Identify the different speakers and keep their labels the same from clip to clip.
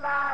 Speaker 1: la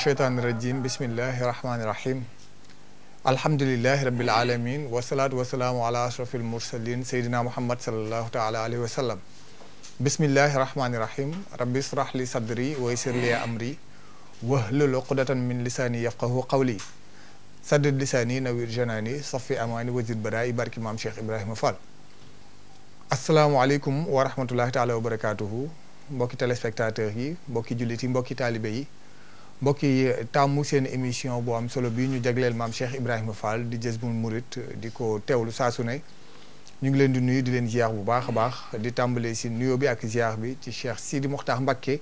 Speaker 2: الشيطان الرجيم بسم الله الرحمن الرحيم الحمد لله رب العالمين والصلاة والسلام على أشرف المرسلين سيدنا محمد صلى الله تعالى عليه وسلم بسم الله الرحمن الرحيم رب اشرح لي صدري ويسر لي أمري واهلل عقدة من لساني يفقه قولي سدد لساني نوير جناني صفي أماني وزد برائي بارك إمام شيخ إبراهيم فال السلام عليكم ورحمة الله تعالى وبركاته mbokki téléspectateur yi mbokki jullit yi mbokk yi taamu seen émission boo am solo bi ñu jagleel maam Cheikh Ibrahima Fall di Jazboul Mouride di ko teewlu saa su ne ñu ngi leen di nuyu di leen ziar bu baax a baax di tàmbale si nuyoo bi ak ziar bi ci Cheikh Sidi Mokhtar Mbacké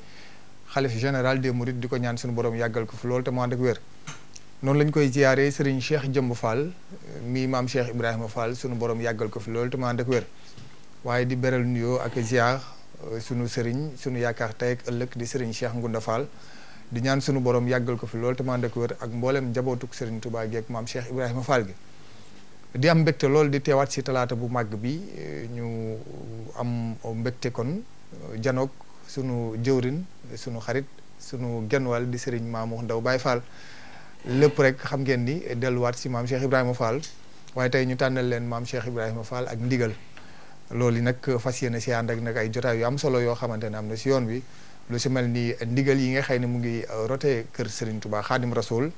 Speaker 2: xalif général des Mourides di ko ñaan suñu borom yàggal ko fi loolu te mu ànd ak wér. noonu lañ koy ziaree Serigne Cheikh Jëmb Fall mii maam Cheikh Ibrahima Fall sunu borom yàggal ko fi loolu te mu ànd ak wér waaye di beral nuyoo ak ziar sunu Serigne sunu yaakaar tey ak ëllëg di Serigne Cheikh Ngunda Fall. di ñaan sunu borom yàggal ko fi lool te man de ko ak mboolem njabootuk Serigne Touba gi ak maam Cheikh Ibrahima Fall gi di am mbégte loolu di teewaat si talaata bu màgg bi eh, ñu am mbégte kon eh, janoog sunu jëwrin sunu xarit sunu genwal di Serigne Mamour Ndaw Baye Fall lépp rek xam ngeen ni delluwaat si maam Cheikh Ibrahima Fall waaye tey ñu tànnal leen maam Cheikh Ibrahima Fall ak ndigal loolu yi nag fas yéene si ànd ak nag ay jotaay yu am solo yoo xamante ne am na si yoon bi lu si mel ni ndigal yi nga xëy ne mu ngi euh, rote kër Serigne Touba Khadim Rasoul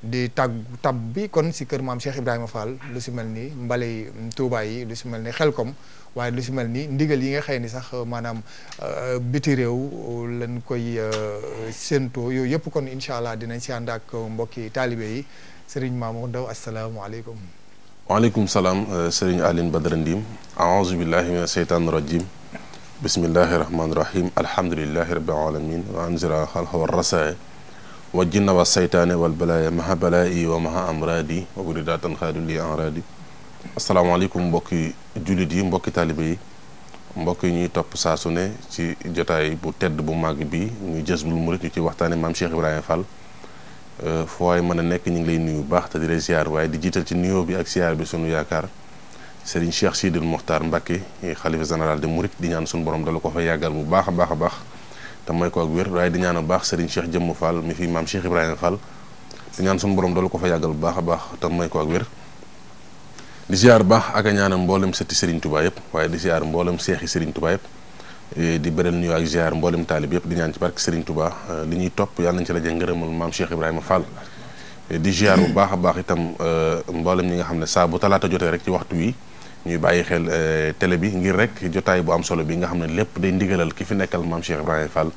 Speaker 2: di tag tab bi kon si kër maam Cheikh Ibrahima Fall lu si mel ni mbalay mm, tuubaa yi lu si mel ni xel kom waaye lu si mel ni ndigal yi nga xëy ni sax euh, maanaam euh, biti réew lañ koy séento yooyu yëpp kon incha allah dinañ si ànd ak mbokki taalibe yi Serigne Mamour Ndaw asalaamaaleykum.
Speaker 3: waaleykum salaam Serigne Aline Badara Ndim. aouzu billahi mina sheytaani بسم الله الرحمن الرحيم الحمد لله رب العالمين وانزل خلقه والرسى والجن والسيطان والبلايا مها بلائي ومها امرادي وبردات خير لي امرادي السلام عليكم بوكي جولدي بوكي طالبي بوكي ني توب ساسوني سي جوتاي بو تيد بو ماغ بي ني جيس بو مريت ني واختان مام شيخ ابراهيم فال فواي مانا نيك ني لي نيو باخ تا دي لي زيار واي دي جيتال سي نيو بي اك زيار بي سونو ياكار Serigne Cheikh Sidil Mokhtar Mbacké xalifa général de Mouride di ñaan suñu borom dala ko fa yàggal bu baax a baax a baax may ko ak wér waaye di ñaan a baax Serigne Cheikh Jëmm Fall mi fi maam Cheikh Ibrahima Fall di ñaan suñu borom dala ko fa yàggal bu a baax te may ko ak wér di ziar baax ak a ñaanam mboolem sëtti Serigne tubaa yëpp waaye di ziar mboolem seexi Serigne Touba yëpp di beral nuyu ak ziar mboolem taalib yëpp di ñaan ci barke Serigne Touba li ñuy topp yàlla nañu ci laje ngërëmal maam Cheikh Ibrahima Fall di ziar bu baax a baax itam mboolem ñi nga xam ne saa bu talaata jotee rek ci waxtu wi ñuy bàyyi xel euh, télé bi ngir rek jotaay bu am solo bi nga xam ne lépp day ndigalal ki fi nekkal maam Cheikh Ibrahima Fall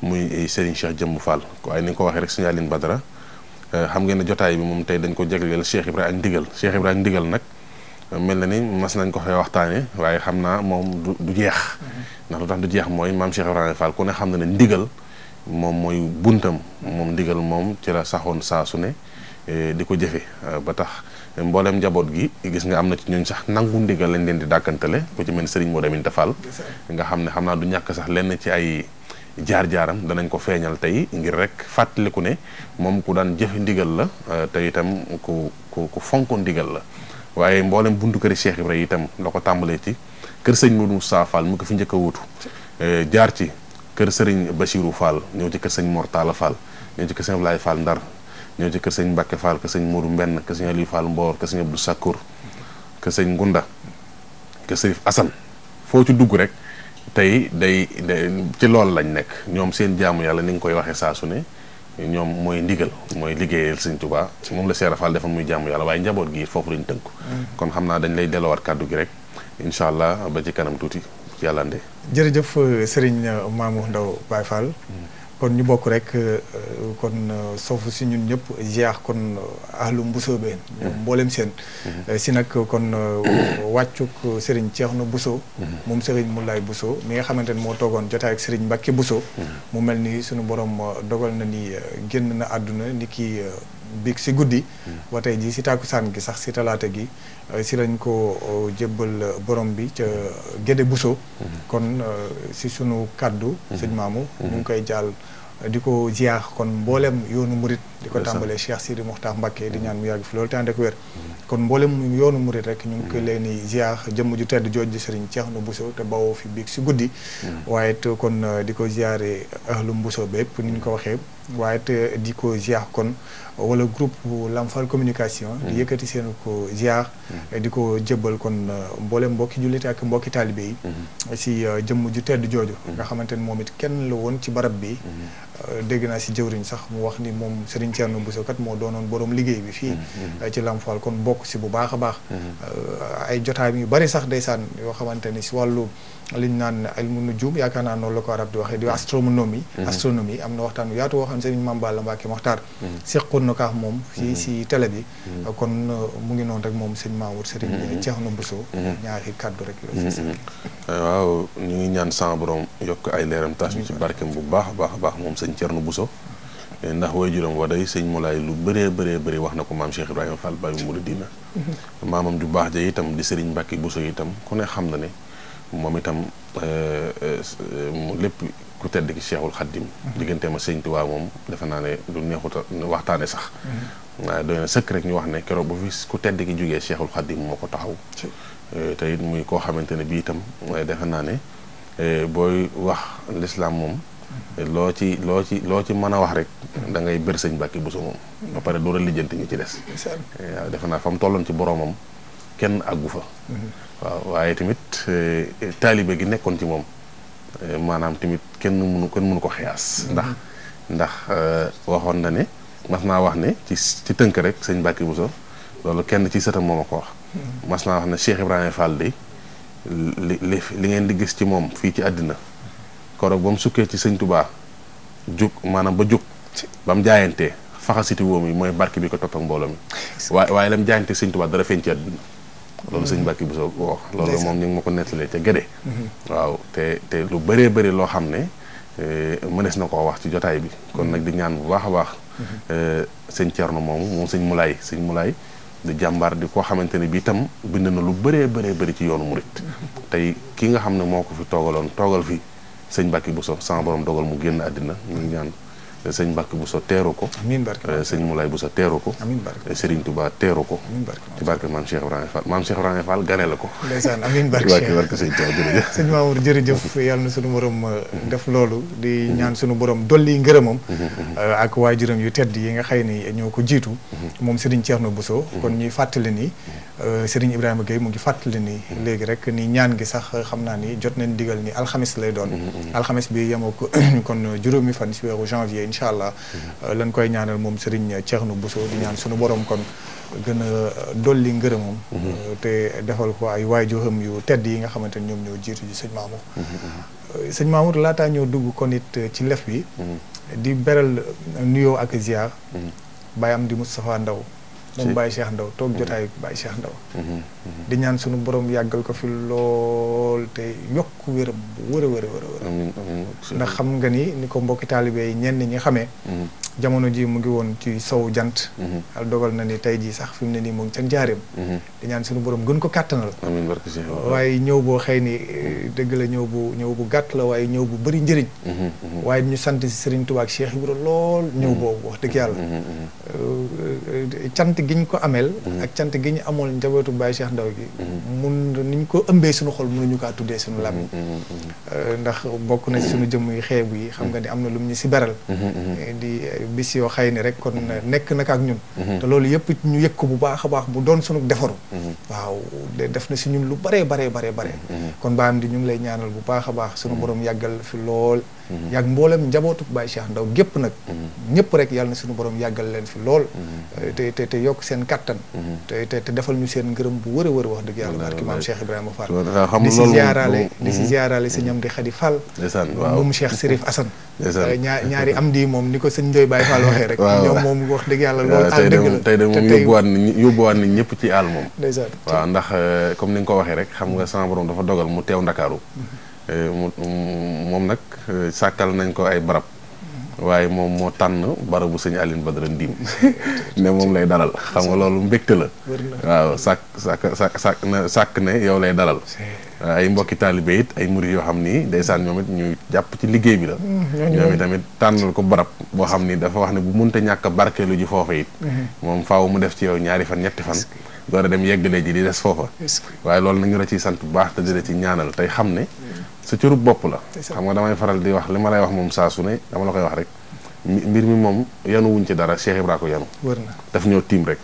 Speaker 3: muy Serigne Cheikh Jëmm Fall waaye ni nga ko waxee rek Serigne Aline Badara euh, xam ngeen ne bi moom tey dañ ko jagleel Cheikh Ibrahima ak ndigal Cheikh Ibrahima ak ndigal nag mel na ni mas nañ ko xee waxtaane waaye xam naa moom du jeex ndax lu tax jeex mooy maam Cheikh Ibrahima ne xam na ne ndigal moom mooy buntam moom ndigal moom ci la saxoon saa su ne euh, di ko jëfe ba tax mbolem jabot gi gis nga amna ci ñun sax nangu ndigal lañ leen di dakantale ku ci mel serigne modamin tafal nga xamne xamna du ñak sax lenn ci ay jaar jaaram danañ ko feñal tay ngir rek ku ne mom ku daan jëf ndigal la euh, tay itam ku ku ku fonko ndigal la waye mbollem buntu kër cheikh ibrahim itam lako tambalé ci kër serigne modou safal mu ko fi ñëk wutu euh, jaar ci kër serigne bashirou fall ñew ci kër serigne mortala fall ñew ci kër serigne fall ndar ñoo ci kër sëñ Mbacke sëñ Modou Mbenn kër sëñ Aliou Fall Mboor kër sëñ Abdou Sakkour kër sëñ Ngunda foo ci dugg rek tey day ci loolu lañ nekk ñoom seen jàmm yàlla ni nga koy waxee saa su ne ñoom mooy ndigal mooy liggéeyal sëñ Touba moom la Seera Fall defal muy jàmm yàlla waaye njaboot gi foofu lañ tënku. Mm-hmm. kon xam naa dañ lay delluwaat kàddu gi rek incha allah ba ci kanam tuuti yàlla ndee.
Speaker 2: jërëjëf Serigne Mamou Ndaw Baye Fall. Mm. kon ñu bokk rek euh, kon euh, sofu si ñun ñëpp ziar kon euh, ahlu Mboussobé ñoom mboolem seen mhm. si nag kon wàccuk Serigne Thierno Bousso mhm. moom Serigne Moulay Bousso mi nga xamante ne moo toogoon jotaay ak Serigne Mbacke Bousso mhm. mu mel ni suñu borom dogal na ni génn na àdduna ni ki big si goudi hmm. ba tey ji ci takusan gi sax ci talata gi ci euh, lañ ko djebbal euh, euh, borom bi ci Gédé Bousso hmm. kon ci sunu kaddu hmm. sëñ mamou ñu koy jàll ziar kon mbollem yoonu murit diko tambalé Cheikh Sidi Mokhtar Mbacké di ñaan mu yag fi lol tan rek wër kon mbollem yoonu murit rek ñu ngi leen ziar jëmm ju tedd jooj di cheikh no Bousso te bawo fi big si goudi waye kon diko ziaré ahlum ahlu bepp bépp ni ñu ko waxé waaye di ko ziar kon wala groupe Lamfal communication. Mm. di yëkkati seen ko ziar. Mm. di ko jëbbal kon euh, mboolem mbokki jullit ak mbokki taalibe yi. Mm-hmm. si euh, jëmm ju tedd jooju. Mm-hmm. nga xamante ni moom it kenn la woon ci barab bi. Mm-hmm. Euh, dégg naa si jëwriñ sax mu wax ni moom Serigne Thierno Bousso kat moo doonoon borom liggéey bi fii. ci Lamfal kon bokk si bu baax a baax. ay jotaay yu bari sax ndeysaan yoo xamante ni si wàllu. liñ naan ilmu nujum yaakaar naa noonu la ko arab di waxee di astronomie mhm. astronomie am na waxtaan bu yaatu woo xam ne sëriñ Mame Balla Mbacke Mokhtar mhm. seqoon moom si si mhm. télé bi kon euh, mu ngi noonu rek moom sëñ Mamour sëriñ Cheikhna Bousso ñaari kaddu rek euh,
Speaker 3: waaw ñu ñaan sama borom yokk ay leeram tas ñu ci bu baax baax baax moom sëñ Cheikhna Bousso eh, ndax waajuram wa day sëñ Moulay lu bëree bëree bëri wax na ko maam Cheikh Ibrahima Fall Baye Mouridina maamam ju baax ja itam di sëriñ Mbacke Bousso itam ku ne xam na ne moom itam mu euh, euh, lépp ku tedd ki Cheikhul Khadim diggante ma sëñ Tuubaa moom defe naa ne du neexuta waxtaane sax
Speaker 4: mm-hmm.
Speaker 3: waaye doy na sëkk rek ñu wax ne keroog bu fi ku tedd ki jógee Cheikhul Khadim moo ko taxaw euh, te it muy koo xamante ne bii itam defe naa ne booy wax lislaam moom mm-hmm. loo ci loo ci loo ci mën a wax rek da ngay bër sëñ Mbàkke Buso moom ba pare door a lijjanti ñi ci des waaw defe naa fa tolloon ci boroomam kenn àggu fa waaw waaye tamit eh, taalibe gi nekkoon ci moom eh, maanaam tamit kenn mënu kenn mënu ko xiyaas ndax ndax eh, waxoon na ne mas naa wax ne ci tënk rek sëñ Mbàkke Bousso loolu kenn ci sëtam moom a ko wax mas naa wax ne Cheikh Ibrahima Fall de li li li ngeen di gis ci moom fii ci àddina koroog ba mu sukkee ci sëñ Tubaa jóg maanaam ba jóg ba mu jaayantee faxasiti woom yi mooy barke bi ko topp ak mbooloo mi waaye waaye la jaayantee sëñ Tubaa dara feeñ ci àddina loolu sëñ Mbàkke bu ko wax loolu moom ñu ngi ma ko nettalee ca Gédé mhm. waaw te te lu bëree bëri loo xam ne euh, mënees na koo wax ci jotaay bi kon mhm. nag di ñaan bu baax a baax mhm. euh, sëñ Thierno moomu moom sëñ mulaay sëñ Moulay di jàmbaar di koo xamante ne bi itam bind na lu bëree bare bari ci yoonu murit tey ki nga xam ne moo ko fi toogaloon toogal fi sëñ bu Bousso sama boroom dogal mu génn àddina ñu ñaan Eh, sëñ Mbàkke Buso teeru ko eh, sëñ Mulaay Buso teeru ko eh, sëriñ Tuubaa teeru ko ci barke maam Cheikh Ibrahima Fall maam Cheikh Ibrahima Fall gane la ko ndeysaan amiin barke sëñ Tuubaa jërëjëf sëñ
Speaker 2: Mamour jërëjëf yàlla na suñu borom def loolu di ñaan suñu borom dolli ngërëmam ak waajuram yu tedd yi nga xëy ni ñoo ko jiitu moom sëriñ Ceerno Buso kon ñuy fàttali ni sëriñ Ibrahima Gueye mu ngi fàttali ni léegi rek ni ñaan gi sax xam naa ni jot nañ digal ni alxamis lay doon mm-hmm. alxamis bi yemoo ko kon juróomi fan si weeru janvier incha allah mm-hmm. lan koy ñaanal moom Serigne Thierno Bousso di ñaan suñu borom kon gën a dolli ngërëmam mm-hmm. te defal ko ay waajuram yu tedd yi nga xamante ni ñoom ñoo jiitu ji sëñ Mamour
Speaker 4: mm-hmm.
Speaker 2: sëñ Mamour laataa ñoo dugg kon it ci lef bi di beral nuyoo ak ziar. Baye am di Moustapha Ndaw moom Baye Cheikh Ndaw toog jotaay Baye Cheikh Ndaw Mm-hmm. di ñaan suñu borom yagal ko fi lol te yokk wéram bu wër a wër wër ndax xam nga ni ni ko mbokki talibé yi ñenn ñi xamé mm-hmm. jamono ji mu ngi won ci saw jant mm-hmm. al dogal na ni tay ji sax fi mu ne nii mu ngi ca njaareem di ñaan suñu borom gën ko katanal
Speaker 3: amin kàttanal waaye
Speaker 2: ñëw boo xëy ni dëgg la ñew bu ñew bu gatt la way ñew bu bari njëriñ way ñu sant ci Serigne Touba ak Cheikh ibrahim lol ñew bo wax dëgg yalla ciant giñ ko amel ak ciant giñ amol amoon Baye Cheikh ndaw gi. Mm-hmm. mun niñ ko ëmbee suñu xol mënuñu kaa tuddee suñu làmmiñ.
Speaker 4: Mm-hmm, mm-hmm,
Speaker 2: euh, ndax bokk na ci suñu jëmm yi xeebu yi xam nga ni am na lum ñu si beral.
Speaker 4: Euh,
Speaker 2: di euh, bis yoo xay ni rek kon nekk nag ak ñun. te loolu yëpp ñu yëg ko bu baax a baax bu doon sunu defaru. waaw def na si ñun lu baree baree baree bare. kon baam di ñu ngi lay ñaanal bu baax a baax sunu boroom yàggal fi lool. Mm-hmm. yaag mboolem njabootuk Baye Cheikh Ndaw gépp nag
Speaker 4: mm-hmm.
Speaker 2: ñëpp rek yàlla suñu borom yàggal leen fi lool mm-hmm. te te yokk seen kattan te te defal ñu seen ngërëm bu wër a wax dëgg yàlla barki maam Cheikh Ibrahima Fall di si ziyaarale di si ziyaarale sa ñam di xadi Fall moom Cheikh Sérif Assane ñaar ñaari am di moom ni ko sëñ Ndoye Baye Fall waxee rek ñoom moom wax dëgg yàlla loolu àll dëgg la tey de moom yóbbuwaat
Speaker 3: na yóbbuwaat na ñëpp ci àll moom waaw ndax euh, comme ni nga ko waxee rek xam nga sama borom dafa dogal mu teew Ndakaaru euh, moom nag sakal nañ ko ay barab waaye moom moo tànn barabu seigne Aline badra Ndim ne mom lay dalal xam nga lolou mbégte la waaw sak sak sak sak ne yow lay dalal ay mbokki taalibe it ay mourid yo xamni ni ñomit ñuy japp ci liggéey bi la
Speaker 4: mm, ñoom
Speaker 3: tamit tanul ko barab bo xamni dafa wax ne bu munta ñàkk lu ji foofa it mom mm-hmm. faaw mu def ci yow ñaari fan ñetti fan door dem yeggalee ji di des foofa waaye loolu nañu ra ci sante bu baax te di ci ñaanal tay xamne mm. sa cërub bopp la xam nga damay faral di wax li ma lay wax moom saa su dama la koy wax rek mbir mi moom yanu wuñ ci dara Cheikh Ibra ko yanu daf ñoo tiim rek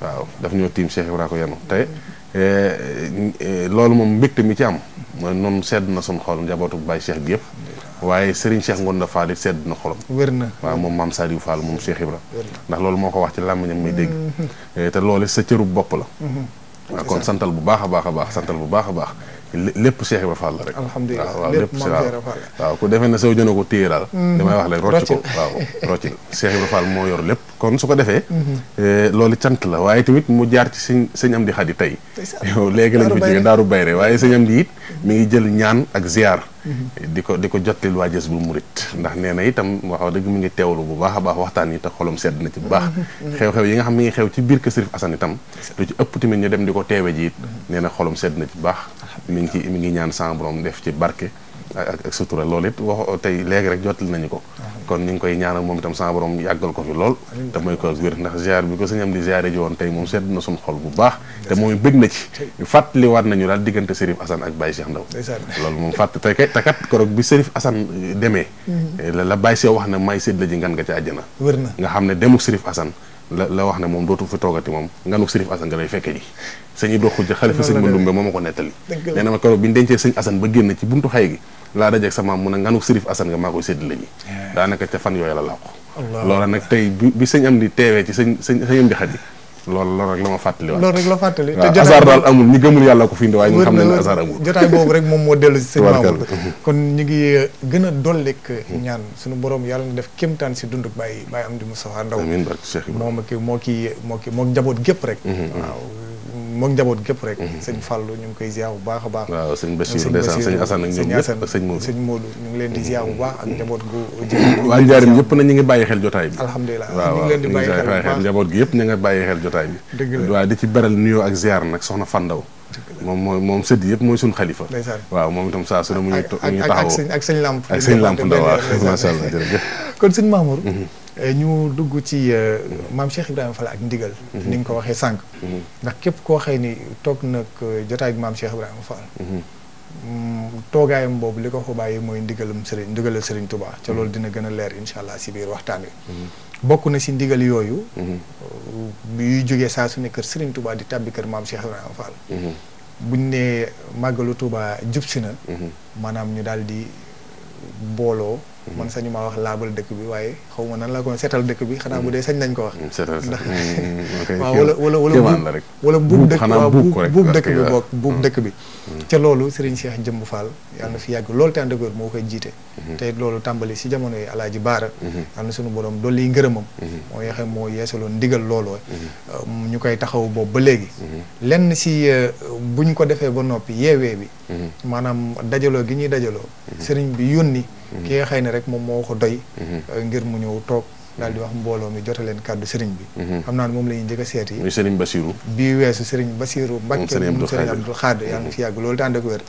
Speaker 3: waaw daf ñoo tiim Cheikh Ibra ko yanu te eh, eh, loolu moom mbégte mi ci am mooy noonu sedd na suñ xol njabootu baay seex gi yëpp waaye Serigne Cheikh Ngonda na it sedd na xolam
Speaker 2: wér na waaw
Speaker 3: moom maam Saliou Fall moom Cheikh Ibra ndax loolu moo ko wax ci làmmiñam may dégg mm-hmm. eh, te loolu sa cëru bopp la
Speaker 4: mm-hmm.
Speaker 3: kon santal bu baax a baax a baax santal bu baax a baax lépp Cheikh Ibra Fall la rek. alhamdulilah waaw lépp Cheikh ku defee na saw jëna ko téye daal. Mm-hmm. damay wax rek rocc ko waaw rocc ko Cheikh moo yor lépp kon su ko defee. Mm-hmm. Eh, loolu cant la waaye tamit mu jaar ci sëñ sëñ Amdi Xadi tey.
Speaker 4: yow léegi lañ fa jóge Daaru
Speaker 3: Bayre waaye sëñ Amdi it mi ngi jël ñaan ak ziar. Mm-hmm. di ko di ko jottali waa Jazbul Murit ndax nee na itam wax dëgg mu ngi teewlu bu baax a baax waxtaan yi te xolom sedd na ci bu baax. xew-xew yi nga xam mi ngi xew ci biir kër Sërif Asan lu ci ëpp tamit ñu dem di ko teewe ji nee na sedd na ci bu mi ngi mi ngi ñaan sama borom def ci barke ak ak sutura loolu it wax tey léegi rek jottali nañu ko kon ñu ngi koy ñaanal moom itam sama borom yàggal ko fi lool te mooy ko wér ndax ziar bi ko sëñ am di ziare ji woon tey moom sedd na suñu xol bu baax te moom bëgg na ci fàttaliwaat nañu daal diggante Serif Assane ak Baye Cheikh Ndaw loolu moom fàtt te te kat korog bi Serif Assane eh, demee mhm. eh, la Baye Cheikh wax ne may sédd la ji ngan nga ci àjjana nga xam ne demuk Serif Assane la la wax ne moom dootu fi toogati moom nganu sëriñ Assane nga lay fekke ji sëñ Ibro Xuja xalifa sëñ Mandumbe moo ma ko nettali nee na ma keroog bi ba génn ci buntu xay gi laa dajeeg sama mu ne nganu sëriñ Assane nga maa koy sédd la ji daanaka ca fan yooyu la làqu loola nag tey bi bi am di teewee ci sëñ am di xat loolu loolu rek la ma fàttali loolu rek la fàttali te hasard daal amul ñi gëmul ko fi indi waaye ñu xam ne ne hasard jotaay boobu rek moom moo dellu si sëñ Mamour
Speaker 2: kon ñu ngi gën a dollik ñaan suñu boroom yàlla na def kémtaan si dunduk Baye Baye Amdi Moustapha Ndaw amiin barke Cheikh Ibrahima moo ma ki moo ki moo ki moo njaboot gépp rek
Speaker 3: mhm, mhm.
Speaker 2: moom njaboot gépp rek mhm. sëñ Fallou ñu ngi koy ziar bu baax a baax waaw sëñ Bachir ndeysaan sëñ Assane ak ñoom
Speaker 3: ngi
Speaker 2: leen di mhm. ziar bu baax ak njaboot gu waa yëpp
Speaker 3: na ñu bàyyi xel jotaay bi alhamdulilah waaw ñu ngi leen di bàyyi xel njaboot gi yëpp ñu ngi bàyyi xel jotaay bi waaw di ci beral nuyoo ak ziar nag soxna Fandaw moom mooy moom sëdd yëpp mooy suñu xalifa waaw moom itam saa su ne mu ngi taxawoo ak
Speaker 2: sëñ Lamp ak sëñ Lamp Ndaw waaw macha allah jërëjëf kon sëñ Mamour mhm. ñu dugg ci euh, maam Cheikh Ibrahima ak ndigal. Mhm. ni nga ko waxee sànq. Mhm. ndax képp koo xëy ni toog nag euh, jotaay bi maam Cheikh Ibrahima Fall. Mhm. Mm, toogaayam boobu li ko fa bàyyi mooy ndigalum Serigne ndigalal Serigne Touba ca loolu dina gën a leer incha allah si biir waxtaan wi. bokk na si ndigal yooyu. Euh, yuy jógee saa su ne kër sëriñ tubaa di tàbbi kër maam Cheikh Ibrahima Fall. buñ ne màggalu tubaa jub si na. maanaam ñu daal di booloo. man sañu maa wax laabal dëkk bi waaye xaw ma nan laa ko seetal dëkk bi xanaa bu dee sañ nañ ko
Speaker 3: wax. Mm, ndax mm, waaw wala wala wala wala buub dëkk waaw buub dëkk bi boog buub mm. dëkk bi
Speaker 2: ca loolu Serigne Cheikh Jëmb faal yaa na fi yàgg loolu te ànd moo koy jiite mm-hmm. te loolu tàmbali si jamono yi Alaaji Baara am mm-hmm. na suñu borom dolli ngërëmam mm-hmm. moo yeexe moo yeesaloon digal looloo ñu koy taxaw boobu ba léegi lenn si euh, buñ ko defee ba noppi yeewee bi maanaam dajaloo gi ñuy dajaloo sëriñ bi yónni ki nga xëy ne rek moom moo ko doy mhm. euh, ngir mu ñëw toog mhm. daal di wax mbooloo mi jotaleen kàddu sëriñ bi mhm. xam naa ne moom la ñuy njëkk a seet yi sëriñ Basiru bii weesu sëriñ Basiru Mbàkke moom sëriñ Abdul Xaadir yaa ngi fi yàgg loolu te ànd ak wér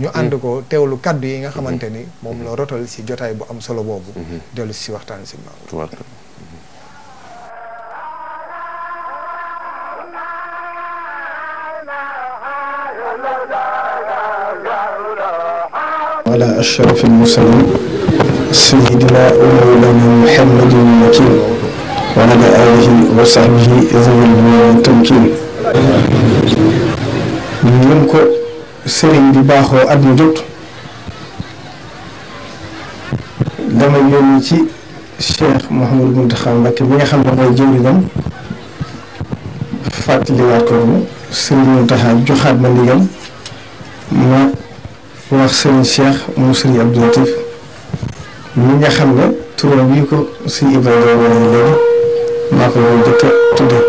Speaker 2: ñu ànd ko teewlu kàddu yi nga xamante ni moom la rotal si jotaay bu am solo boobu dellu si waxtaan si
Speaker 4: على أشرف المرسلين
Speaker 5: سيدنا ومولانا محمد المكين وعلى آله وصحبه ذوي التمكين ñun ko sëriñ bi baaxoo at mu jot dama yónni ci Cheikh Mouhamadou Mountakha Mbacké bi nga xam ne mooy jëwriñam fàttaliwaat ko sëriñ Mountakha joxaat ma ndigal ma wax sëriñ Cheikh mu sëriñ Abdou Latif mi nga xam ne turam bii ko sëriñ Ibrahima wane léegi maa ko doon jëkk a tudde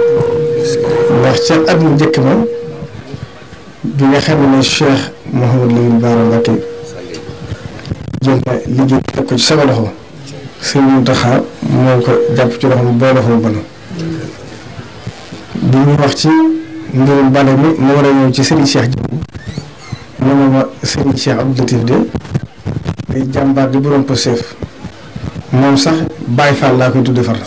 Speaker 5: ca at mu njëkk ma bi nga xam ne Cheikh Mouhamadou Lamine Bara Mbacké ko ci sama loxo sëriñ Mountakha moo ko jàpp ci loxoom boo loxoom ba bi ñu wax ci mbirum bale mi mu war a ñëw ci sëriñ Cheikh mu ne ma sëriñ Cheikh Abdou Latif de day jàmbaar di borom pëseef moom sax Baye laa koy tuddee far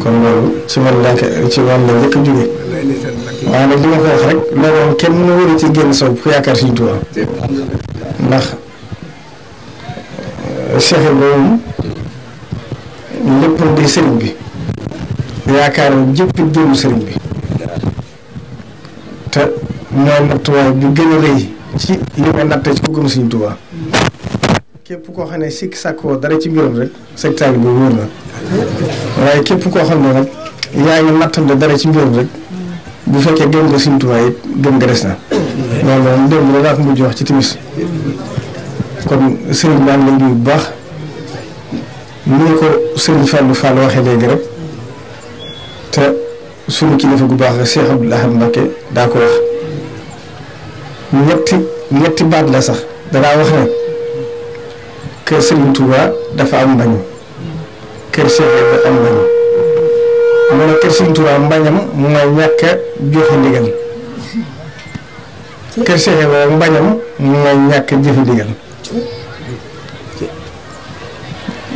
Speaker 5: kon loolu ci man laa ko ci man la njëkk a waaye li ma ko wax rek loolu kenn war a ci génn soow ku yaakaar Sëriñ Tuubaa ndax euh, Cheikh sëriñ bi yaakaar jëpp jëmu sëriñ bi te mooy nattuwaay bi gën a rëy ci li may nattee ci ku gëm Sëriñ képp koo xam ne sikk sàkkoo dara ci mbiram rek secteur bi wóor na waaye képp koo xam ne nag yaa ngi nattante dara ci mbiram rek bu fekkee gëm nga Sëriñ Tuubaa it gëm nga des na loolu moom démb la daa ko mujj wax ci timis kon sëriñ baa ngi lay bu baax ni nga ko sëriñ Fallou Fall waxee léegi rek te suñu kilifa gu baax Cheikh Abdoul Ahad Mbacké daa ko wax ñetti ñetti baat la sax danaa wax ne kër Serigne Touba dafa am mbañ kër Cheikh Ibrahima am mu ne kër Serigne Touba mbañam mooy ñàkk a joxe ndigal kër Cheikh Ibrahima mbañam mooy ñàkk a ndigal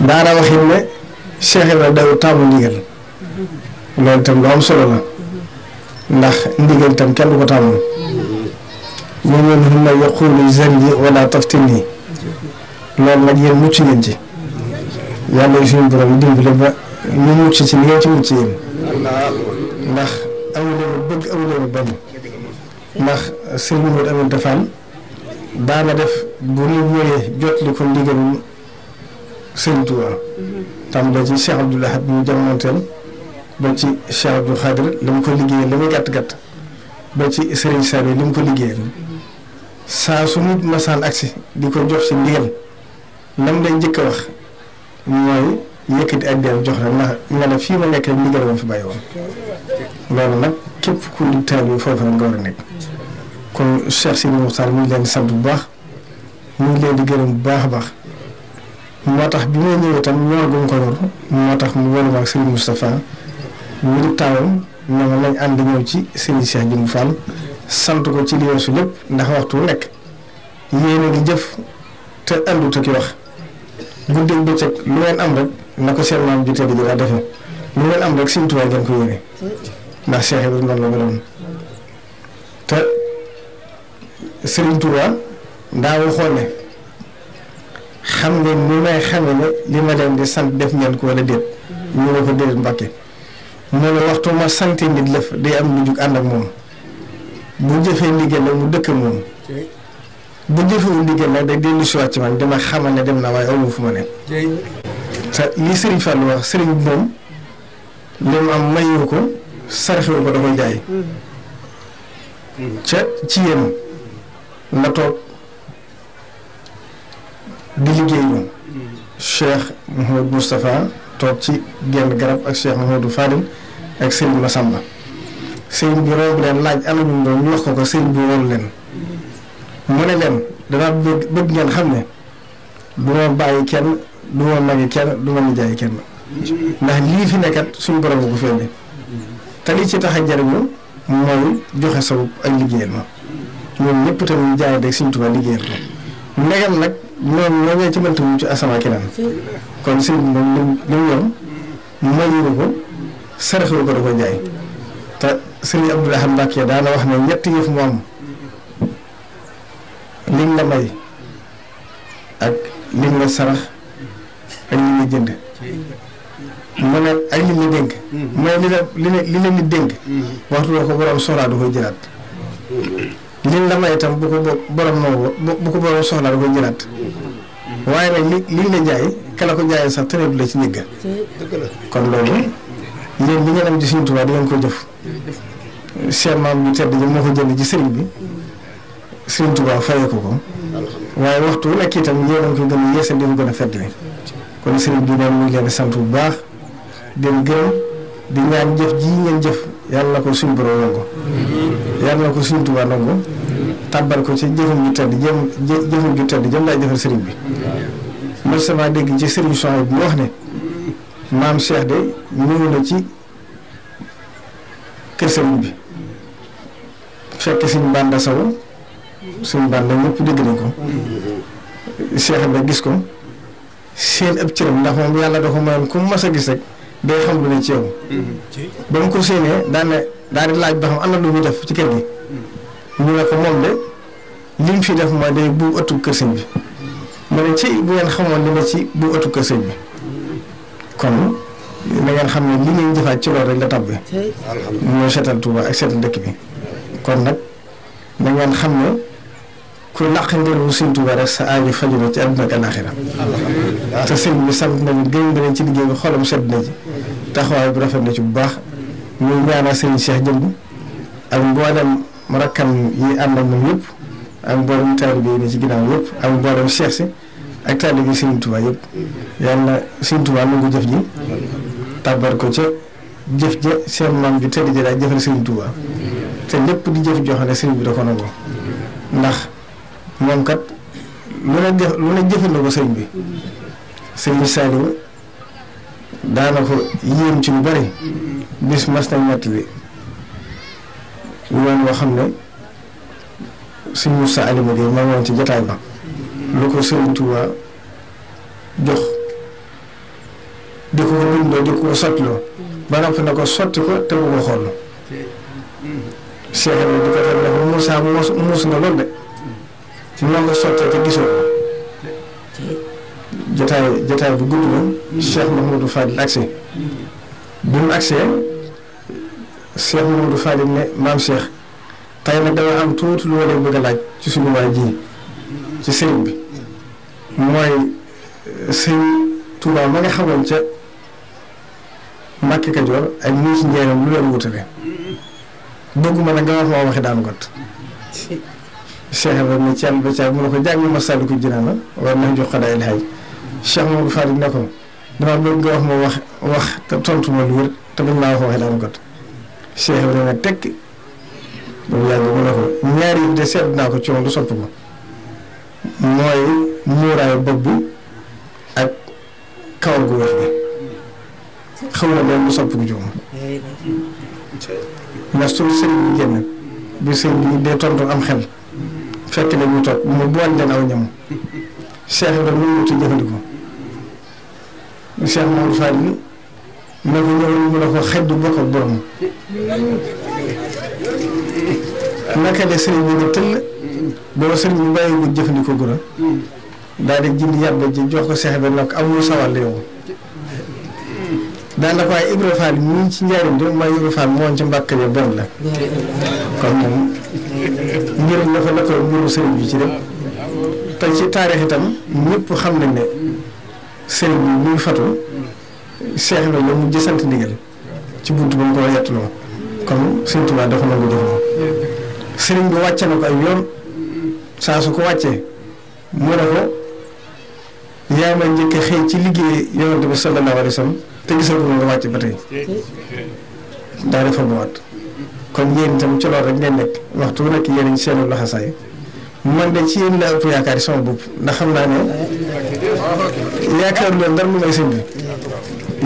Speaker 5: daara wax ne Cheikh Ibrahima daw taamu ndigal loolu itam lu am solo la ndax ndigal itam kenn du ko taamu wa minhum man yaqulu zarni wala taftinni loolu nag yéen mucc ngeen ci yàlla yi suñu borom dimbale ba ñu mucc ci li ngeen ci mucc yéen ndax aw leen bëgg aw leen bañ ndax Serigne Modou daana def bu ñu wooyee jot li ko ndigalul Serigne Touba tam da ci Cheikh Abdoul Ahad mu jamonoonteel ba ci Cheikh Abdou Khadir li mu ko liggéeyee li muy gàtt gàtt ba ci Serigne Saliou li mu ko liggéeyee saa su nit masaan agsi di ko jox si ndigal lam day njëkk a wax mooy yëkkati ak deel jox la ndax nga fii ma nekk rek ndigal moom fi bàyyi woon loolu nag képp ku di taal bi foofu a nekk kon Cheikh Sidi mu ngi leen di sant bu baax mu ngi leen di gërëm bu baax a baax moo tax bi may ñëwee itam ñor gu ko ñor moo tax mu wóolu ma ak Serigne Moustapha mu ngi taawam na ma ànd ñëw ci Serigne Cheikh Jimou Fall sant ko ci li weesu lépp ndax waxtu wu nekk yéen a ngi jëf te àndut ak wax guddeeg bëccëg lu ngeen am rek na ko seen maam ju tedd ji daa lu ngeen am rek Sëriñ Tuubaa ngeen
Speaker 4: ko
Speaker 5: yéene ndax Cheikh Ibrahima noonu la meloon te Sëriñ Tuubaa daa waxoon ne xam ngeen ne li ma sant def ngeen ko wala déet ñu ne ko déet Mbàkke moo ne waxtu ma sante nit lëf day am lu jug ànd ak moom. bu jëfee ndigal la mu dëkk moom bu jëfewul ndigal la day dellu si waat man dama xamal na dem na waaye awlu fu ma ne te li Serigne Fallou wax Serigne moom li mu am mayu ko sarxewu ko da jaay mm-hmm. ci yéen la toog di liggéeyu mm-hmm. Cheikh Mouhamadou Moustapha toog ci genn garab ak Cheikh Mouhamadou Fadil ak Serigne Massamba sëriñ bi romb leen laaj alamin doon ñu wax ko ko sëriñ bi won leen mu ne leen danaa bëgg bëgg ngeen xam ne du ma bàyyi kenn du ma magi kenn du ma nijaay kenn ndax lii nekkat suñ borom ko fendi te li ci tax a joxe sa ak liggéeyal ma ñoom ñëpp tamit jaay deg suñ tubaab liggéeyal ko negal nag ñoom ñoo ñee ci mënta mucc asama keneen kon sëriñ bi moom lim lim yoon majiru ko saraxlu ko da jaay sëriñ Abdou Lahad Mbacké daana wax ne ñetti yëf mu am la may ak liñ la sarax ak liñ la jënd mu ne ak liñ la dénk mooy li la li la nit dénk waxtu ko borom soxlaa du koy jëlaat liñ la may itam bu ko borom ko borom soxlaa du koy jëlaat waaye nag li liñ la jaay kala ko jaayee sax tëreetu la ci njëgg kon loolu yéen li ngeen am ci Sëriñ di ngeen ko jëf seen maam ñu tedd ñi moo ko jënd ci sëriñ bi sëriñ Tuubaa fayeeku ko waaye waxtu wu nekk itam yéen ko gën a yeesal di gën a fàttali kon sëriñ bi daal muy leen sant bu baax di leen gërëm di ñaan jëf ji ngeen jëf yàlla na ko suñu borom nangu yàlla na ko suñu Tuubaa nangu tàbbal ko ci jëfam ju tedd jëm jëfam ju tedd jëm laay jëfal sëriñ bi man sama dégg ci sëriñ Soxna bi mu wax ne maam Cheikh de ñëw ci kër sëriñ bi fekk suñ bànda saw suñ bànda ñëpp dégg nañ ko Cheikh Ibra gis ko seen ab cëram ndax moom yàlla da ko mayoon ku mas a gis rek day xam ne ci ba mu ko séenee daane daane laaj ba am na lu def ci kër gi ñu ne ko moom de li mu fi def mooy day bu ëttu kër sëñ bi mu ne ci bu ngeen xamoon li ma ci bu ëttu kër sëñ bi kon na xam ne li ngeen jëfaat ci ak seetal dëkk bi kon nag da ngeen xam ne ku naq ngërëmu Sëñ Tuubaa rek sa aaju faju ci àdduna ak alaaxira te sëñ bi sant nañu gërëm nañu ci liggéey bi xolam sedd taxawaay bu rafet na ci bu baax muy ñaanal sëñ Cheikh jëmb mboolem rakkam yi ànd ak moom yëpp ak ne ci ginnaaw yëpp ak mboolem Cheikh si ak taalibe yi Sëñ Tuubaa yëpp yàlla Sëñ Tuubaa nangu jëf ji tabar ko ca jëf ja seen maam bi tëdd ji daal jëfal Sëñ Tuubaa te lépp di jëf joxe ne bi da ko nangu ndax moom kat lu ne def lu ne jëfal na ko sëriñ bi sëriñ Saliou daana yéem ci lu bari bis mas nañ nettali yoon xam ne sëriñ sa Alima Gueye ma woon ci jataay ba lu ko sëriñ Touba jox di ko ko bindoo di ko ko sottiloo ba noppi na ko sotti ko te bu ko xool Cheikh bi di ko def ndax Moussa muus muus na lool de ci ñoo ko sottee te gisoo jotaay jotaay bu gudd la Cheikh Mouhamadou Fadil agsi bi mu agsee Cheikh Mouhamadou Fadil ne maam Cheikh tey nag dama am tuuti lu ma bëgg a laaj ci suñu waa ji ci sëriñ bi mooy eh, sëñ Touba ma nga xamoon ca Mbàkke Kajoor ak ñi ci njëriñ lu leen wutale bëgguma nag nga wax ma waxi daanu kat Cheikh Ibrahima Thiam ba Thiam mu ne ko jàng Masaalikul Jinaan war nañ jox xadaa il xay Cheikh Mamadou Fadil ne ko dama bëgg nga wax ma wax te tontu ma lu te bañ maa wax waxi tekk boobu ne ko ñaari yi de naa ko ci woon du sopp ko mooy muuraayu bopp bi ak kawar gu weex
Speaker 4: bi
Speaker 5: xaw na leen du sopp ko ci woon ndax suñu sëriñ bi génn bi sëriñ bi dee tontu am xel fekk na ñu toog mu boole leen aw ñam Cheikh Ibrahima mënuñu ci jëfandikoo Cheikh Mamadou Fall ni na ko ñëwoon mu la ko xeddu bokk borom naka la sëriñ bi nga tëll booba sëriñ bi bàyyi nga jëfandikoo gura daal di jënd yàbba ji jox ko Cheikh Ibrahima nag amul sawar la daanaka waaye Ibra Fall mi ngi ci njariñ de mooy Ibra Fall moo ci mbàkk bi bon la
Speaker 4: kon moom njëriñ
Speaker 5: fa la ko mbiru ci dem itam xam nañ ne sëriñ seex na la mu jësant ndigal ci buntu ba mu ko yettuloo kon Sëriñ Tuubaa dafa nangu def
Speaker 4: moom
Speaker 5: sëriñ bi wàcce na ko ay yoon saa su ko wàccee mu ne ko yaa ma xëy ci liggéey yonent bi sallallahu alayhi wa te gisal ko moom wàcc ba tey daa di formuwaat kon yéen itam ci loolu rek ngeen nekk waxtu bu nekk yéen a seen laxasaay man de ci yéen laa ëpp yaakaar yi sama bopp ndax xam naa ne
Speaker 4: yaakaar leen dara mu may sëñ bi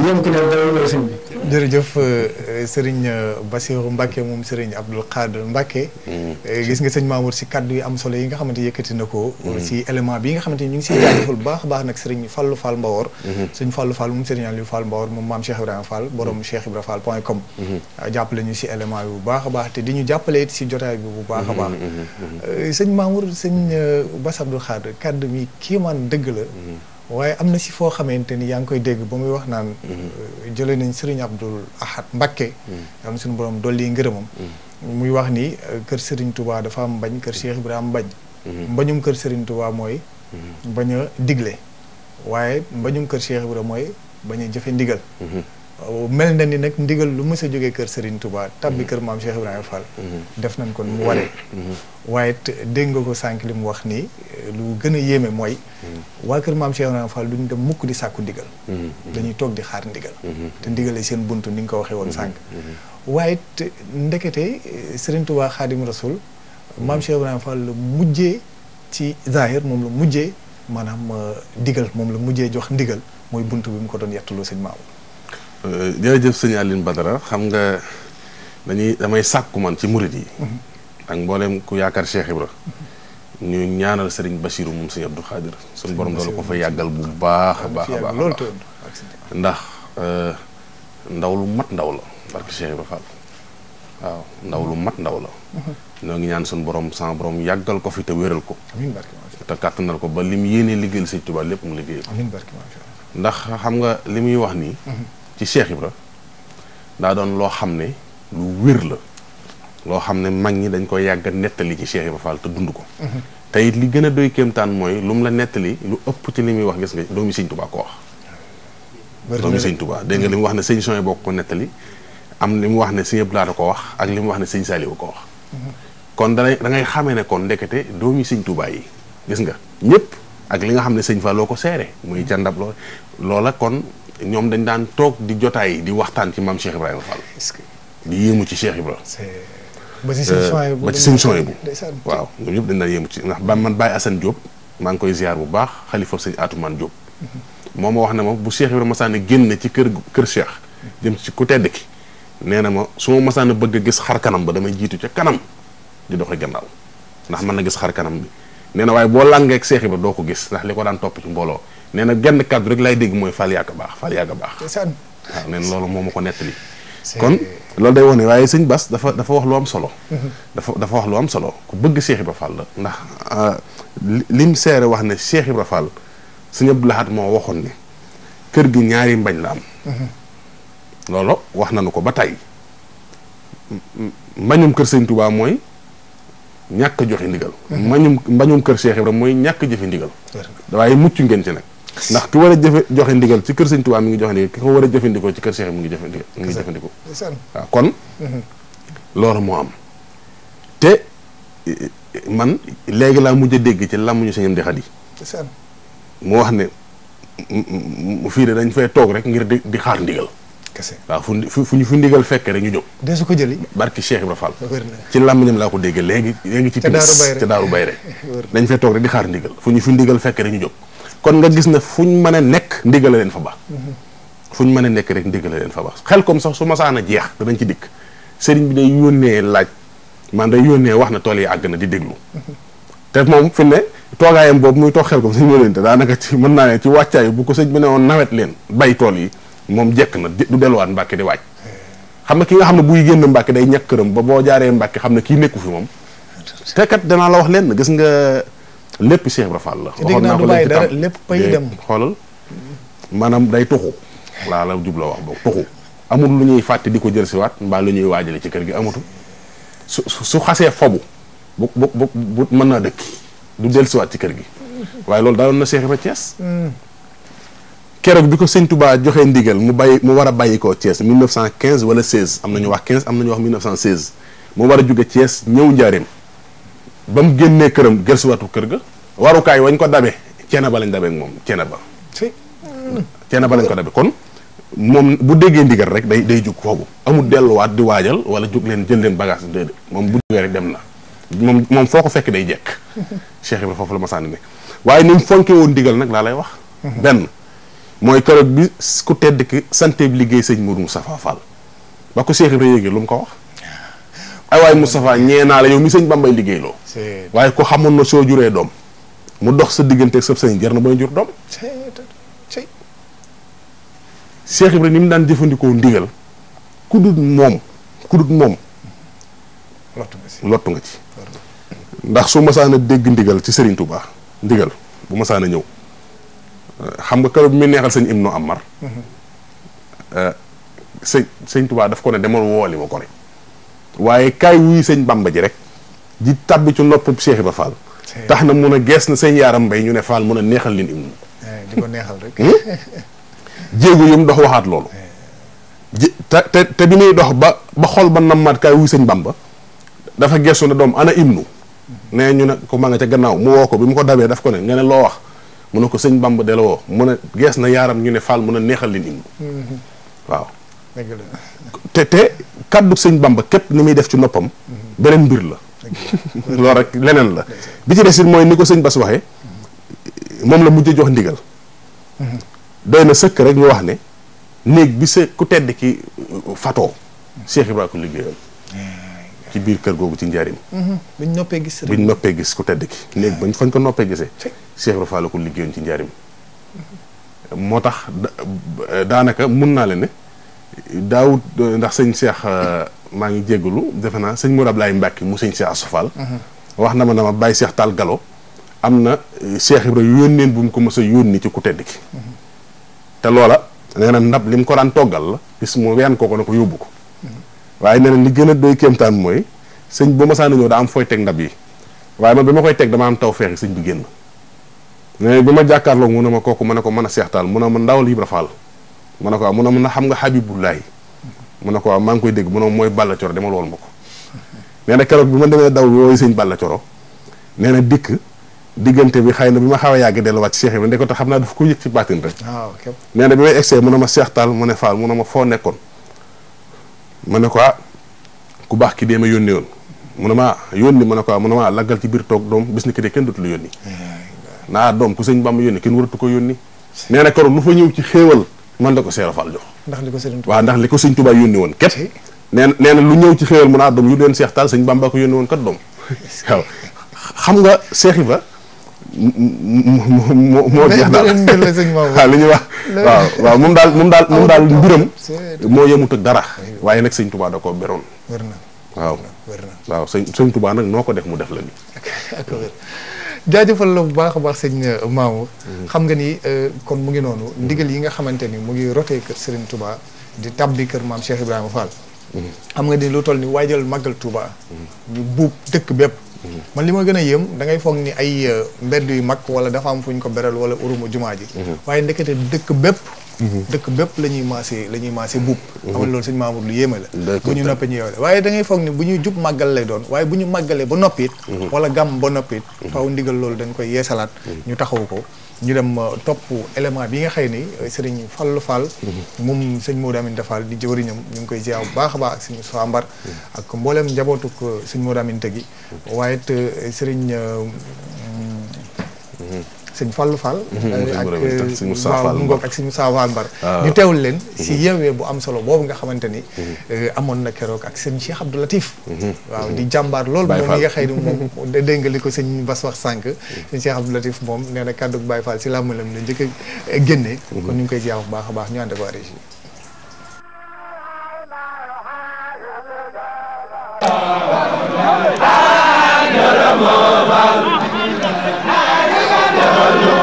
Speaker 4: yéen ku ne
Speaker 2: dara mu may sëñ bi. jërëjëf euh, euh, sëriñ euh, Bassirou Mbacke moom sëriñ Abdoul Khadr Mbacke. Mm. gis nga sëñ Mamour si kaddu yi am solo yi nga xamante yëkkati na ko. Mm. si élément bi nga xamante ni ñu ngi siy jaajëfal bu baax baax nag sëriñ Fallou Fall Mbawor. Mm-hmm. sëñ Fallou Fall moom sëriñ Aliou Fall Mbawor moom maam Cheikh Ibrahima Fall borom mm-hmm. Cheikh Ibrahima Fall point com. Mm-hmm. Ah, jàppale ñu si élément bi bu baax a baax te di ñu jàppale it si jotaay bi bu baax a baax. sëñ Mamour sëñ Bass Abdoul Khadr kaddu kii man dëgg la. waaye am na si foo yang ni yaa ngi koy dégg ba muy wax naan mm-hmm. euh, jële nañ Serigne Abdoul Ahad Mbacké mm-hmm. yal suñu borom dolli ngërëmam
Speaker 4: mm-hmm.
Speaker 2: muy wax ni euh, kër Serigne Touba dafa am bañ kër Cheikh Ibrahima bañ mbañum kër Serigne Touba mooy bañ digle waaye mbañum Cheikh Ibrahima mooy bañ a ndigal mel na ni nag ndigal lu mës a kër Serigne Touba tabbi mm-hmm. kër maam Cheikh Ibrahima Fall. Mm-hmm. def nañ ko mu waree. Mm-hmm. waaye dégg nga ko sànq li mu wax nii lu gën a yéeme mooy. waa kër maam Cheikh Ibrahima Fall duñ dem mukk di sàkku ndigal. dañuy toog di xaar seen buntu ni nga ko waxee woon sànq. waaye ndekete eh, Serigne Touba Xaadim Rasul. maam Cheikh Ibrahima Fall la mujjee ci zahir moom la mujjee maanaam eh, digal moom la mujjee jox ndigal mooy bunt bi mu ko doon yettuloo sëñ Maamu.
Speaker 3: dia euh, jërëjëf sëñ Aline Badara xam nga dañuy damay sakku man ci mouride yi ak mbollem ku yaakaar Cheikh Ibra ñu ñaanal sëriñ bashir mum sëñ Abdou Khadir sun borom doolu ko fa yagal bu baax baax baax ndax euh ndaw lu mat ndaw la barke Cheikh Ibra Fall waaw ndaw lu mat ndaw la no ngi ñaan sun borom sa borom yagal ko fi te wëral ko amin barke ma ta katnal ko ba lim yene liggeel seigne touba lepp mu liggeel amin liggéeyal ko ndax xam nga limuy wax ni mhm. ci Cheikh Ibra daa doon loo xam ne lu wér la loo xam ne mag ñi dañ koy yàgg a nettali ci Cheikh Ibra Fall te dund ko mhm. te li gën a doy kéemtaan mooy lu mu la nettali lu ëpp ci li muy wax gis nga doomi Sëñ Tubaa ko wax doomi Sëñ Tubaa dégg wax ne sëñ Soy boo ko nettali am li mu wax ne sëñ Abdu Lahat ko wax ak li mu wax ne sëñ Saaliwu ko wax mhm. kon danay da ngay xamee ne kon ndekete doomi Sëñ yi gis nga ñëpp ak li nga xam ne sëñ Falloo ko seere muy jandab loola kon ñoom dañ daan toog di jotaay di waxtaan ci maam Cheikh Ibrahima Fall. di yéemu ci Cheikh Ibrahima.
Speaker 2: ba ci sëñ Souhaïbou bu
Speaker 3: waaw ñoom ñëpp dañ daan yéemu ci ndax ba man Baye Assane Diop maa ngi koy ziar bu baax xalifa sëñ Atoumane Diop. Mm-hmm. moom ma wax ne ma bu Cheikh Ibrahima Massane génn ci kër kër Cheikh. jëm si ku tedd ki nee na ma su ma Massane bëgg a gis xar kanam ba damay jiitu ca kanam di doxee gannaaw ndax mën na gis xar kanam bi nee na waaye boo làngee ak Cheikh doo ko gis ndax li ko daan topp ci mbooloo nee na genn kàddu rek lay dégg mooy fal yàgg baax fal yàgg baax.
Speaker 2: waaw
Speaker 3: nee na loolu moom ma ko nettali. kon loolu day wax ne waaye sëñ Bas dafa dafa wax lu am solo. Mhm. dafa dafa wax lu am solo ku bëgg Cheikh ba fal la ndax ah, lim seere wax ne seexi Ibra Fall sëñ Abdou Lahad moo waxoon ni kër gi ñaari mbañ la am. Mhm. loolo wax nañu ko ba tey mbañum kër sëñ Touba mooy ñàkk joxe ndigal. Mhm. mbañum mbañum kër Cheikh Ibra mooy ñàkk jëfe ndigal. waaye mucc ngeen ci nag. ndax ki war a jëfe joxe ndigal ci kër sëñ Tuubaa mi ngi joxe ndigal ki ko war a jëfandikoo ci kër Seex mi ngi jëfe mi ngi jëfandikoo kon mm-hmm. loolu moo am te man léegi laa mujj dégg ci làmmuñu sañam di xat yi mu wax ne fii de dañ fay toog rek ngir di di xaar ndigal kese waaw fu fu ñu fu ndigal fekkee rek ñu jóg. de su ko jëli. barki Cheikh Ibra Fall. ci làmmiñam laa ko dégg léegi. léegi ci timis ca Daaru Bayre dañ fee toog rek di xaar ndigal fu ñu fu ndigal fekkee rek ñu jóg. kon nga gis na fuñ mëna nek ndigal leen fa ba fuñ mëna nek rek ndigal leen fa ba xel kom sax suma masaan jeex da nañ ci dik sëriñ bi day yone laaj man day yone wax na tole yi na di deglu te mom fi ne toogaayam bob muy tok xel comme suñ da naka ci mëna ne ci waccay bu ko sëñ bi ne won nawet leen bay tole yi mom jekk na du delluwaat mbàkke di wacc xam nga ki nga xam ne buy génn mbàkke day ñàkk ba bo xam na ki nekku fi mom te kat dana la wax leen gis nga lépp Cheikh Ibra Fall la. waxoon naa ko lépp dara lépp pay dem xoolal maanaam day tuxu laa la jubla wax boog tuxu amul lu ñuy fàtte di ko jël si waat mbaa lu ñuy waajale ci kër gi amatu su su xasee fobu bu bu bu bu mën naa dëkk du del siwaat ci kër gi waaye loolu daaloon na Cheikh Ibra Thiès hmm. keroog bi ko Sëñ Touba joxee ndigal mu bàyyi mu war a bàyyi koo Thiès 1915 wala 16 am na ñu wax 15 am na ñu wax 1916 mu war a jóge Thiès ñëw Njaareem ba mu génnee këram gëstuwaatu kër ga warukaay wañ ko dabe ceena ba lañ dabe moom ceena ba ceena ba lañ ko dabe kon moom bu déggee ndigal rek day day jug foofu amul delluwaat di waajal wala jug leen jël leen bagage déedéet moom bu jógee dem na moom moom foo ko fekk day jekk Cheikh Ibra foofu la masaani ne waaye ni mu fonke woon digal nag laa lay wax mhm. benn mooy keroog bi ku tedd ki santé bi liggéey sëñ mu Moustapha Fall ba ko Cheikh Ibra yéegee lu mu ko wax ay waaye Moustapha ñee naa la yow mi sëñ liggéey liggéeyloo waaye ko xamoon na soo juree doom mu dox sa diggante sab sa sëñ jar na booy jur doom Cheikh Ibrahima ni mu daan jëfandikoo ndigal ku dut moom ku moom lottu nga ci ndax su masaana dégg ndigal ci Serigne tubaa ndigal bu masaana ñëw xam nga keroog mi neexal sëñ Ibnu Amar mhm. euh, sëñ sëñ Touba daf ko ne demal wooli ma ko ne waye kay wuy sëñ bamba ji rek di tabbi ci noppub Cheikh ba Fall tax na ges na sëñ yaram bay ñu ne Fall mun neexal lin imu
Speaker 2: eh, diko neexal rek
Speaker 4: hmm?
Speaker 3: jeegu yum dox eh. te te bi dox ba ba xol ba namat kay wuy bamba dafa gesu na dom ana imnu hmm. ne ñu ne ko ma nga ca gannaaw mu woko bi mu ko dabee daf ko ne nga ne lo wax mu ne ko bamba deloah. Muna mu ne ges na yaram ñu ne Fall neexal lin imu hmm. waaw te te kàddu sëñ Bamba képp ni muy def ci noppam beneen mbir la loolu rek leneen la bi ci des it mooy ni ko sëñ Bass waxee moom la mujj jox ndigal doy na sëkk rek ñu wax ne néeg bi sa ku tedd ki uh, fatoo Cheikh Ibrahima ko kër googu ci njaarim
Speaker 2: mm-hmm. buñ noppee gis buñ
Speaker 3: noppee gis ku tedd ki fañ ko noppee gisee Cheikh Ibrahima la ko liggéeyoon ci njaarim moo tax uh, daanaka mun naa leen ne daud ndax sëñ cheikh euh, ma ngi djeglu defena naa mourad Ablaye Mbacke mu sëñ cheikh asufal mhm. wax na ma dama bàyyi cheikh tal galo amna euh, cheikh ibra yónneen bu mu ko mos a ci ku teddi ki mhm. te lola nee ndab lim ko daan togal bis mu ween ko ko nako ko ko mhm. li doy kemtan moy bu ma am foy tek ndab yi waye ma bima koy tek dama am tawfiq feexi bi mu ne ma mu ibra mu ne ko waaw mu ne mun na xam nga Habibullahi mu ne ko waaw ngi koy dégg mu mooy Balla Coro dama lool ma ko nee na keroog bi ma demee daw yooyu Balla Coro nee na dikk diggante bi xëy na bi ma xaw a yàgg delluwaat ci Cheikh Ibra ndeko tax xam naa dafa ko yëg ci baatin rek nee na bi may ma Cheikh Tall mu ne Fall mu ne ma foo nekkoon ma ne ko ku baax ki dee ma yónni woon mu ne maa yónni mu ne ko ah mu maa laggal ci biir toog doom bis ni ki dee kenn dootu la yónni naa doom ku sëñ Bamba yónni kenn waratu ko yónni nee na keroog lu fa ñëw ci xéewal man la ko Seera Fall jox.
Speaker 2: ndax li ko Serigne Touba
Speaker 3: waaw ndax li ko Serigne Touba yónni woon kat. nee neena lu ñëw ci xéwal mu naa doom yu leen seex taal sëñ Bamba ko yónni woon kat doom waaw xam nga Seex Ibra moo moo jeex daal waaw li ñuy wax waaw moom daal moom daal moom daal mbiram moo yemut ak dara waaye nag sëñ Touba da koo beroon waaw waaw sëñ sëñ nag noo ko def mu def la li
Speaker 2: jaajëfal la bu baax a baax sëñ euh, Maamu mm-hmm. xam nga ni euh, kon mu ngi noonu mm-hmm. ndigal yi nga xamante ni mu ngi rotee kër Serigne Touba di tabbi kër maam Cheikh Ibrahima Fall
Speaker 4: mm-hmm. xam nga ni
Speaker 2: lu toll ni waajal màggal Touba ñu buub dëkk bépp man li ma gën a yem da ngay foog ni ay euh, mbedd yu mag wala dafa am fu ñu ko beral wala urumu jumaa ji waaye ndekete dëkk bépp Mm-hmm. dëkk bépp la ñuy maasee la ñuy maasee buub mm-hmm. amal loolu sëñ Mamour lu yéeme la bu ñu noppee ñu yeewle waaye da ngay foog ni bu ñu jub màggal lay doon waaye bu ñu màggalee ba noppi it mm-hmm. gàmm ba noppi it ndigal loolu dañ koy yeesalaat ñu taxaw ko ñu dem uh, topp élément bi nga xëy ni uh, sëriñ Fallou Fall moom sëñ Modou Aminta Fall di jëwriñam ñu ngi koy ziar bu baax a baax ak sëñ Moussa Mbar ak mbooleem njabootuk uh, sëñ Modou gi waaye it sëriñ sëñ Fallou Fall ak waaw mu Mbar ñu teew leen si yeewee bu am solo boobu nga xamante ni amoon na keroog ak sëñ Cheikh Abdou Latif waaw di jàmbaar loolu moom mi nga xëy ni moom dégg nga li ko sëñ Bass wax sànq sëñ Cheikh Abdou Latif moom nee na kàddu Baye si làmmalam la njëkk a génnee kon ñu ngi koy jaaw baax a baax ñu ànd ko régie ¡Vamos!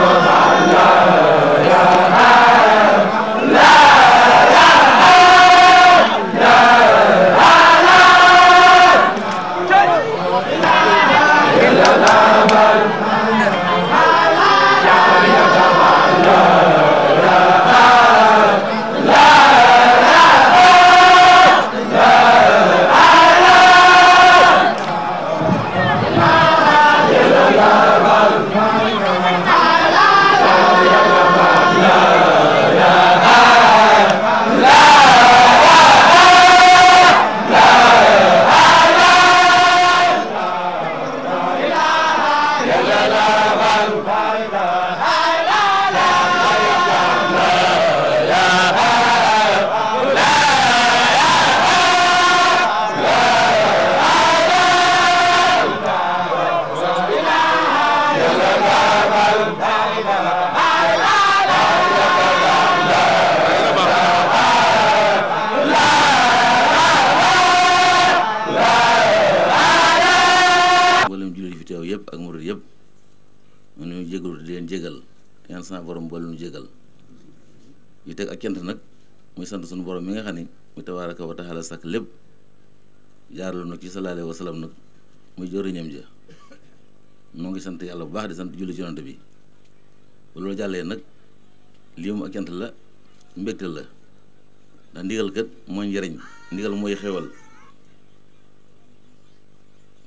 Speaker 6: baax di sant julli nag lii moom ak mooy njëriñ ndigal mooy xewal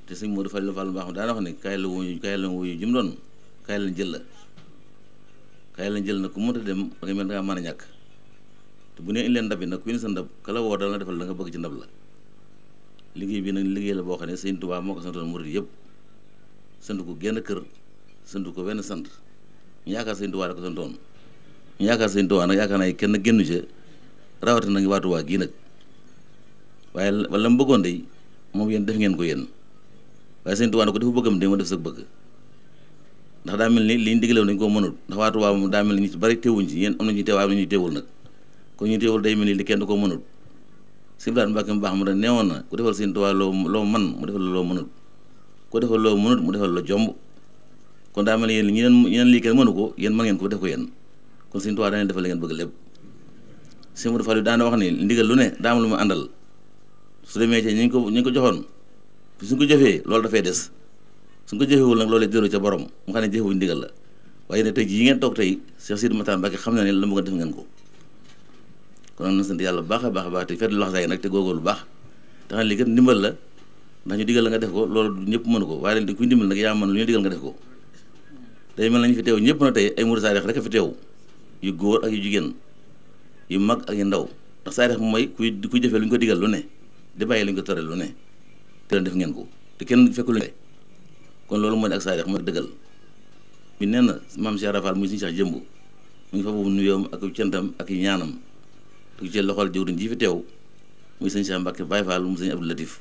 Speaker 6: te sëñ Modou Fall Fall mbaax ma wax ne kaay la wuyu kaay doon kaay la jël la kaay la jël na ku mënta dem da mel da nga mën a ñàkk te bu nee indi leen ndab bi nag ku indi sa ndab kala woo dal na defal la bëgg ci ndab la liggéey bi nag liggéey la boo xam ne sëñ Tuubaa moo ko santoon murid yëpp sant ko genn kër sant ko wenn sant ñu yaakaar sëñ Tuubaa rek ko santoon ñu yaakaar sëñ Tuubaa nag yaakaar kenn génn ca rawatina nag waa gi gii waaye wala mu bëggoon de moom yéen def ngeen ko yéen waaye sëñ Tuubaa ne ko dafa bëggam de ma def sa bëgg ndax daa mel ni liñ digalewoon dañ koo mënut ndax waa Tuubaa moom daa mel ni ñu ci bari teewuñ ci yéen am na ñuy teew am na ñuy teewul nag day mel ni li kenn du ko mënut Siblaat Mbàkke mu baax mu ne neewoon na ku defal sëñ Tuubaa loo loo man mu defal loo mënut ku defal loo mënut mu defal la jomb kon daa mel ne yéen ñeneen ñeneen lii kenn mënu ko yéen mën ngeen ko def ko yéen kon Sëñ Tuubaa danañ defal li ngeen bëgg lépp Sëñ Modou Fall daana wax ni ndigal lu ne daa am lu àndal su demee ci ñu ko ñu ko joxoon suñ ko jëfee loolu dafay des suñ ko jëfewul nag loolee delloo ca borom mu xam ne jëfewuñ ndigal la waaye ne tey jii tey Cheikh Sidi Matar Mbacke xam na ne la mu ko def ngeen ko kon nag na sant yàlla bu a baax a baax te fet nag te góorgóorlu baax te xam ne lii la ndax ñu digal la nga def ko loolu ñëpp mënu ko waaye kuy ndimbal nag yaa mën lu ñu digal nga def ko tey man nañ fi teew ñëpp na tey ay murid saadix rek fi teew yu góor ak yu jigéen yu mag ak yu ndaw ndax saadix mooy kuy kuy defee lu ñu ko digal lu ne di bàyyi lu ñu ko tere lu ne te def ngeen ko te kenn fekk lu kon loolu moo ne ak saadix mooy dëggal bi nee na maam Cheikh Rafal muy suñu Cheikh mu ngi fa boobu nuyoom ak cantam ak ñaanam du ci loxol jëwriñ ji fi teew muy sëñ Cheikh Mbacke Baye Fall mu sëñ Abdou Latif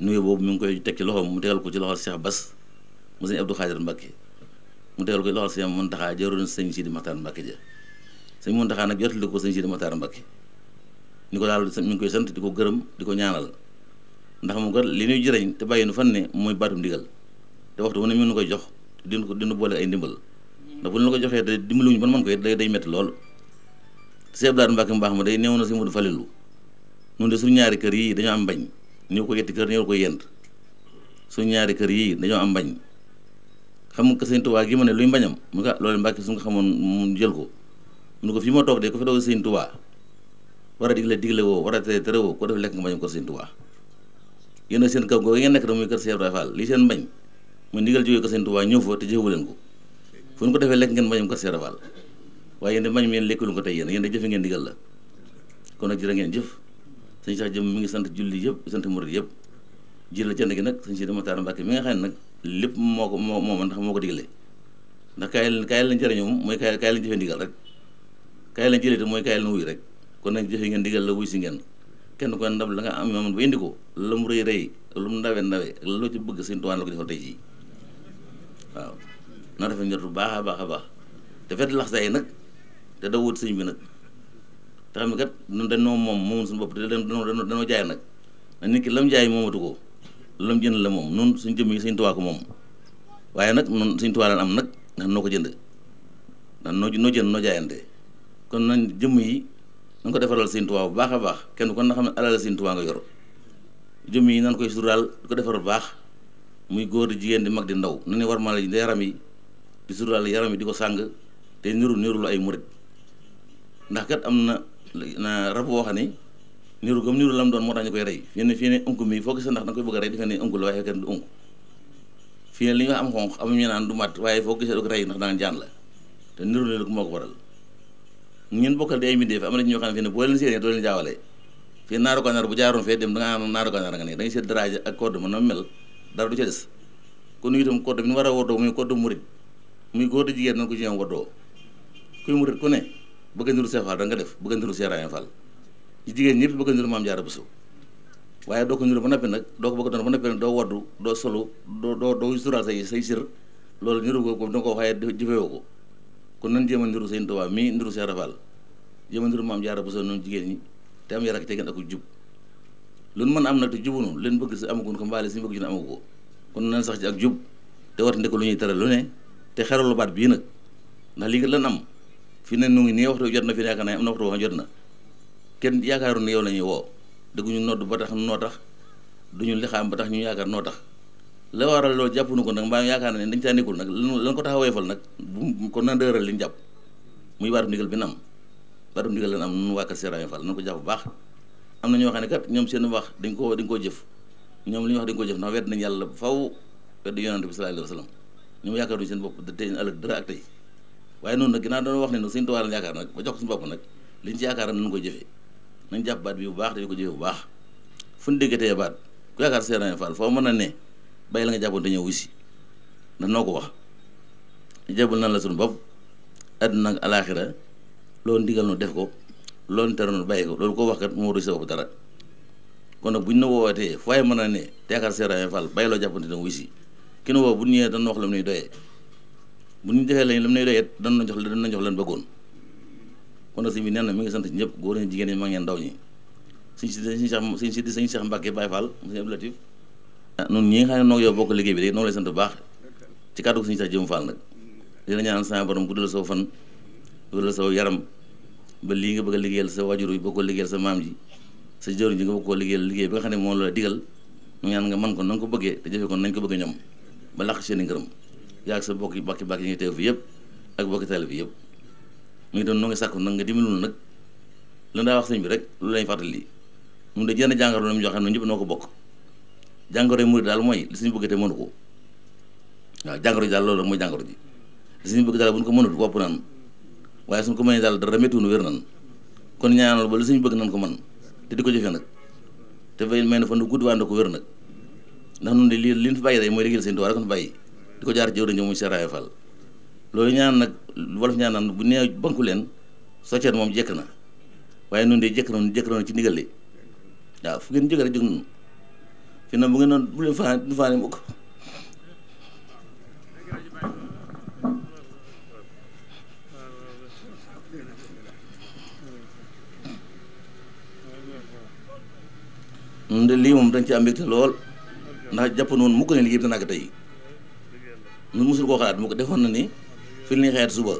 Speaker 6: nuyoo boobu mi ngi koy teg ci loxoom mu tegal ko ci loxol Cheikh Bass mu sëñ Abdou Khadir Mbacke mu tegal ko loxol sëñ Muntaxa jaroon sëñ Sidi Maxtaar Mbàkke ja sëñ Muntaxa nag jotali ko sëñ Sidi Maxtaar Mbàkke ni ko daal mi ngi koy sant di ko gërëm di ko ñaanal ndax moom kat li ñuy jëriñ te bàyyi nu fan ne mooy baatum ndigal te waxtu wu ne mu nu koy jox dinu ko dinu boole ay ndimbal ndax bu ñu la ko joxee te dimbaluñu ban man koy day day métti lool Sëñ Abdou baax ma day néew na sëñ Mudu Falilu ñun de suñu ñaari kër yii dañoo am bañ ñoo ko yetti kër ñoo ko yent su ñaari kër yii dañoo am bañ xam nga sëñ touba gi ma ne luy mbañam mu ko loolu Mbàkke su nga xamoon mu jël ko mu ne ko fi ma toog de ko fi doog sëñ touba war a digle digle woo war a tere tere woo ko def lekk nga mbañam kër sëñ Tuubaa yéen seen kaw googu ngeen nekk da muy kër Cheikh rafal li seen mbañ mu ndigal jógee ko sëñ touba ñëw fa te jëfewu leen ko fu ñu ko defee lekk ngeen mbañam ko Cheikh rafal Fall waaye yéen de mbañ mi yéen ko tey yéen yéen de jëfe ngeen digal la kon nag jëra ngeen jëf sëñ sax jëm mi ngi sant julli yëpp sant murid yëpp jël la jënd gi nag sëñ si dama taara Mbàkke mi nga xam ne nag lépp moo ko moo moo ndax moo ko digle ndax kaay la kaay mooy kaay kaay lañ jëfe ndigal rek kaay lañ mooy kaay lañ rek kon nag jëfe ngeen digal la wuy si ngeen kenn ku ne la nga am moom ba indi ko la mu rëy rëy lu ndawe ndawe loo ci bëgg seen ko defal tey jii waaw baax a baax a baax te fet lax nag te wut sëñ bi nag te xam ne kat ñun dañoo moom moomul suñu bopp te dañoo dañoo jaay nag nit ki lam jaay moomatu ko. lu mu jënd la moom noonu suñ jëmm yi Sëñ Tuubaa moom waaye nag nun Sëñ Tuubaa lan am nag ndax noo ko jënd ndax noo noo jënd noo jaayante kon nañ jëmm yi nañ ko defaral Sëñ Tuubaa bu baax a baax kenn kon na xam ne alal Sëñ Tuubaa nga yor jëmm yi nan koy suturaal di ko defar bu baax muy góor di jigéen di mag di ndaw na ne war ma la yaram yi di suturaal yaram yi di ko sàng te niru niru lu ay murit ndax kat am na na rab boo xam niru gëm niru lam doon moo tax ñu koy rey fii ne fii ne unku mi foo gis ndax da nga koy bëgg a rey du unku fii ne li am xonq am naan du mat waaye foo gisee du ko rey ndax daan jaan la te niru niru moo ko waral ñun bokkal di ay mbindeef na ñoo xam ne fii ne boo leen séenee doo leen jaawalee fii naaru ganaar bu jaaroon fee dem da ngaa naaru ganaar nga ne kon itam corde bi ñu war a wardoo muy corde murit muy góor di jigéen nan ko ci ñoom wardoo kuy murit ku ne bëgg niru seefaal da nga def bëgg niru seeraayan faal jigéen ñëpp bëgg a niru maam jaara Bousso waaye doo ko niru ba noppi nag doo ko bëgg a doon ba noppi doo waddu doo solo doo doo doo sural say say loolu niru ko da nga ko kon nan jéem a niru sëñ Tuubaa mii niru Seex Rafal jéem a niru maam jaara Bousso noonu jigéen ñi te am yar ak teggin ak jub lu mën a am na te jubunu leen bëgg si amaguñ ko mbaale si ñu bëgg ñu amagu ko kon nan sax ci ak jub te war ndeko lu ñuy tere lu ne te lu baat bii nag ndax lii nga lan am fi ne nu ngi nii waxtu jot na fi nekk na am na jot na kenn yaakaaroon ne yow la ñuy woo dëgguñu nodd ba tax noo tax duñu lixaam ba tax ñu yaakaar noo tax la waral loolu jàpp nu ko nag mbaa yaakaar ne dañ caa nekkul nag lan ko tax ko nan dëgëral li ñu jàpp muy waatum ndigal bi nam waatum ndigal am nunu waa kër Serigne Fall ko jàpp bu baax am na ñoo xam ne kat ñoom seen wax dañ ko dañ koo jëf ñoom li ñu wax dañ koo jëf ndax wedd nañ yàlla faw wedd yonante bi sallallahu alayhi wa sallam ñoom yaakaaruñu seen bopp te ëllëg dara ak tey waaye noonu wax ne nag sëñ Tuubaa yaakaar nag ba jox ko suñu bopp nag liñ ci koy jëfee nañ jàpp baat bi bu baax dañu ko jëfe bu baax fu ñu déggatee baat ku yaakaar Serigne Fall foo mën a ne bàyyi la nga jàppoon ñëw wu si ndax noo ko wax jabul nan la suñu bopp àdduna ak alaaxira loolu ndigal nu def ko loolu nu bàyyi ko loolu koo wax kat moo ruy sa bopp dara kon bu buñ na woowatee fu waay mën a ne te yaakaar Serigne Fall bàyyi loo jàppante ne wu si ki nu bu ñu ñëwee dañu wax la mu ñuy doyee bu ñu defee lañ la mu ñuy doyee dañu jox la na jox lan bëggoon kon nag sëñ bi nee na mi ngi sant ñëpp góor ñi jigéen ñi mag ñeen ndaw ñi sëñ si sëñ Cheikh sëñ si sëñ Cheikh Mbacke Baye Fall sëñ Abdou Latif ah ñi nga xam ne yow bokk liggéey bi de noonu lay sant bu baax ci kàddu ko sëñ Cheikh Jëm Fall nag di la ñaan sama borom guddal saw fan guddal saw yaram ba lii nga bëgg a liggéeyal sa wajur yi boo ko liggéeyal sa maam ji sa jëru ji nga bëgg koo liggéeyal liggéey bi nga xam ne moom la digal mu ñaan nga man ko na nga ko bëggee te jëfe ko nañ ko bëgg ñoom ba lakk seen i ngërëm yaa ak sa bokki bàkki bakki yi nga teew fi yëpp ak bokki taalibe bi yëpp mu ngi doon noo ngi sàkku nag nga dimbalul nag lan daa wax sëñ bi rek lu lañ fàttali mu de jenn jàngoro la mu joxe noonu ñëpp noo ko bokk jàngoro yi murid daal mooy suñu bëgg te mënu ko waaw jàngoro ji daal loolu mooy jàngoro ji li suñu bëgg daal bu ñu ko mënut wopp nan waaye suñu ko mënee daal dara méttiwunu wér nan kon ñaanal ba li suñu bëgg nan ko man te di ko jëfee nag te fay may fa nu gudd waa ko wér nag ndax nun de lii li ñu fi bàyyi day mooy liggéeyal seen tuwaar rek ñu bàyyi di ko jaar jëwriñ ñoom mu Cheikh loolu ñaan nag wolof ñaan naan bu nee banku leen socceet moom jekk na waaye noonu de jekk na ci ndigal ngeen jóg noonu bu ngeen doon bu leen faa de lii moom dañ ci am mbégte lool ndax jàpp noonu mukk ne liggéey bi dana àgg tey nun mosul koo xalaat mu ko defoon na ni fi ñuy xeet suba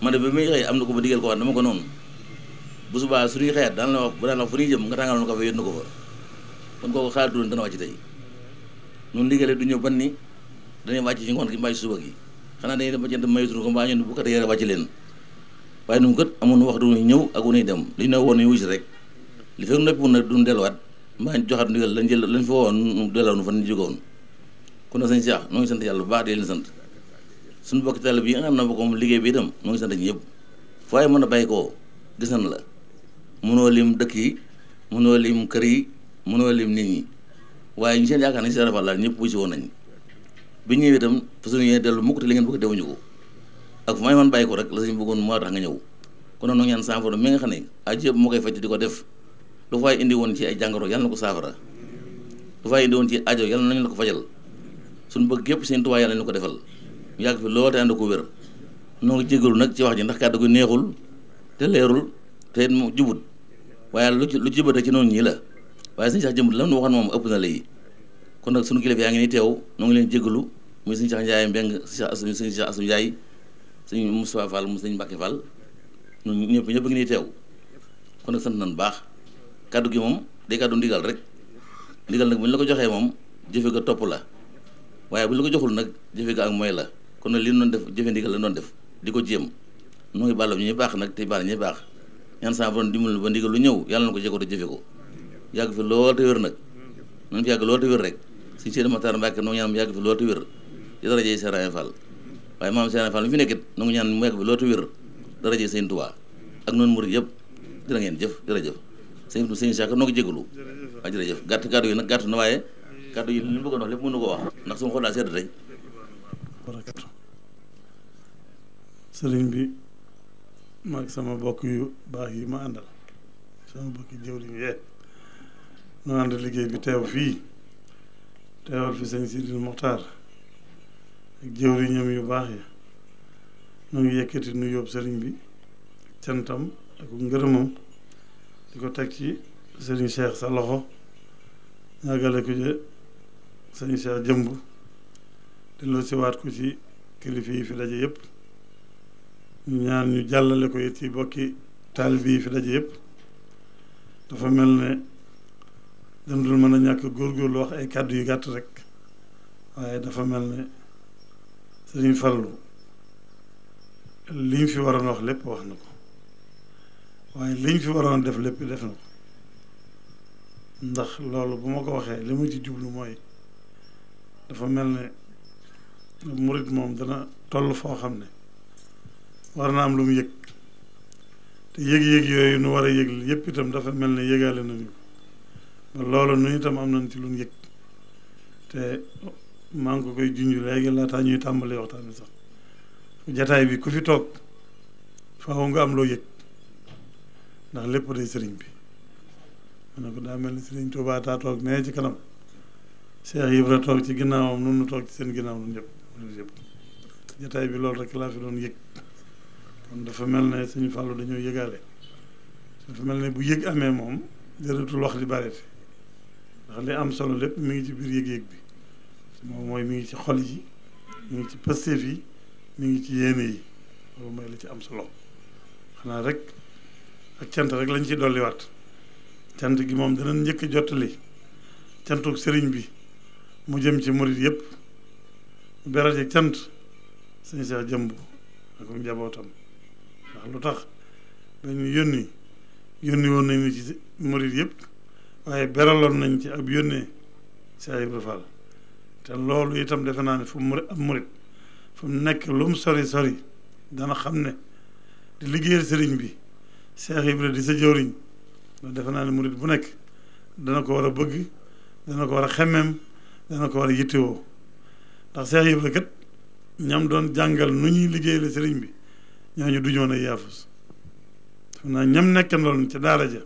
Speaker 6: ma ne bi muy xëy am na ko ma digal ko wax dama ko noonu bu subaa su ñuy xeet daan la wax bu daan la wax fu ñuy jëm nga tàngal na ko fa ko fa kon kooku xaar duloon dana wàcc tey du ñëw ban ni dañuy wàcc ci ngoon gi mbaa ci suba gi xanaa dañuy dem ba jënd mayutul ko mbaa ñun bu kat yére wàcc leen waaye ñun kat amoon wax du ñëw ak wu ñuy dem li ñu woon ñu wusi rek li fekk noppi woon nag duñ delluwaat mbaa ñu joxaat ndigal lañ jël lañ fa woon delloon fa ñu jógoon kon na sëñ Cheikh ngi sant yàlla bu baax sant suñu bokki tele bi nga xam ne ko moom liggéey bi itam moo ngi sant ñëpp waaye mën a bàyyi koo gis nañ la mënoo lim dëkk yi mënoo lim kër yi mënoo lim nit ñi waaye ñu seen yaakaar nañ si rafet la ñëpp wusi woon nañ bi ñëwee itam parce que mukk li ngeen bëgg dewuñu ko ak fu may mën ko rek la suñu bëggoon moo tax nga ñëw kon noonu ñaan saafara mi nga xam ne aji yëpp moo koy faj di ko def lu fay indi woon ci ay jàngoro yàlla na ko saafara lu fay indi woon ci ajo yàlla nañu la ko fajal suñu bëgg yëpp seen tubaab yàlla nañu ko defal yàgg fi lool te ànd ko wér noo ngi jégalu nag ci wax ji ndax kàddu gu neexul te leerul te mu jubut waaye lu ci lu ci noonu ñii la waaye suñu sax jëmbut la nu waxoon moom ëpp na léegi kon nag sunu kilifa yaa ngi nii teew noo ngi leen jégalu muy suñu sax Ndiaye Mbeng suñu sax suñu sax Assou Ndiaye suñu Moustapha Fall mu suñu Mbacke Fall ñun ñëpp ñëpp ngi nii teew kon nag sant baax kàddu gi moom day kàddu ndigal rek ndigal nag bu ñu la ko joxee moom jëfe ga topp la waaye bu ñu la ko joxul nag jëfe ak mooy la kon nag li ñu doon def jëfe ndigal la doon def di ko jéem nu ngi bàllam ñu baax nag te bàll ñu baax ñaan sa borom dimbal ba ndigal lu ñëw yàlla na ko jéego te jëfe ko yàgg fi lool te wér nag nañ fi yàgg lool te wér rek si Sëriñ Matar Mbàkke noo ñaan mu yàgg fi lool te wér di darajey Serigne Fall waaye maam Serigne Fall mi fi nekkit noo ngi ñaan mu yàgg fi lool te ak noonu murid yëpp jërë ngeen jëf jërëjëf sëñ sëñ Cheikh noo ko jégalu waaw jërëjëf gàtt kàddu yi nag gàtt na waaye kàddu yi li mu bëggoon wax lépp mënu ko wax ndax su ma xool sedd tey
Speaker 7: sëriñ bi maag sama bokk yu baax yi ma àndal sama bokk yu jëwriñ nu ànd liggéey bi teew fii teewal fi sëñ Sidil Moxtaar ak jëwriñam yu baax yi nu ngi yëkkati nu yóbbu sëriñ bi cantam ak ngërëmam di ko teg ci sëriñ Cheikh sa loxo ñaagale ko ci sëriñ Cheikh jëmb delloo siwaat ko ci kilifa yi fi daje yëpp ñaan ñu jàllale ko it ci bokki taalibe yi fi daje yëpp dafa mel ne dañ dul mën a ñàkk góorgóorlu wax ay kàddu yu gàtt rek waaye dafa mel ne Sëriñ farlu liñ fi waroon wax lépp wax na ko waaye liñ fi waroon def lépp def na ko ndax loolu bu ma ko waxee li ma ci jublu mooy dafa mel ne murit moom dana toll foo xam ne war na am lu mu yëg te yëg-yëg yooyu nu war a yëg yëpp itam dafa mel ne yëgaale nañu ko loolu nu itam am nañ ci lu mu yëg te maa ngi ko koy junj léegi laataa ñuy tàmbali waxtaan bi sax jataay bi ku fi toog faaw nga am loo yëg ndax lépp day sëriñ bi ma ne ko daa mel ni sëriñ Tuubaa taa toog nee ci kanam Cheikh Ibra toog ci ginnaawam nun nu toog ci seen ginnaaw nun yëpp jataay bi loolu rek laa fi doon yëg kon dafa mel ne suñu fàllu dañoo yëgaale dafa mel ne bu yëg amee moom jërëtul wax di bareete ndax li am solo lépp mi ngi ci biir yëg-yëg bi moom mooy mi ngi ci xol yi mu ngi ci pësteef yi mi ngi ci yéene yi loolu mooy la ci am solo xanaa rek ak cant rek lañ ci dolliwaat cant gi moom danañ njëkk jottali cantuk sëriñ bi mu jëm ci murit yëpp mu beral ci cant suñu seex jëmb ak njabootam lu tax ba ñu yónni yónni woon nañu ci murit yëpp waaye beraloon nañ ci ab yónnee Cheikh Ibra Fall te loolu itam defe naa ne fu mu ab murit fu mu nekk lu mu sori sori dana xam ne di liggéeyal sëriñ bi Cheikh Ibra di sa jëwriñ loolu defe naa ne murit bu nekk dana ko war a bëgg dana ko war a xemmeem dana ko war a yittewoo ndax Cheikh Ibra kat ñam doon jàngal nu ñuy liggéeyale sëriñ bi ñooñu du ñoon ay yaafus xam naa ñam nekkandoo ca daara ja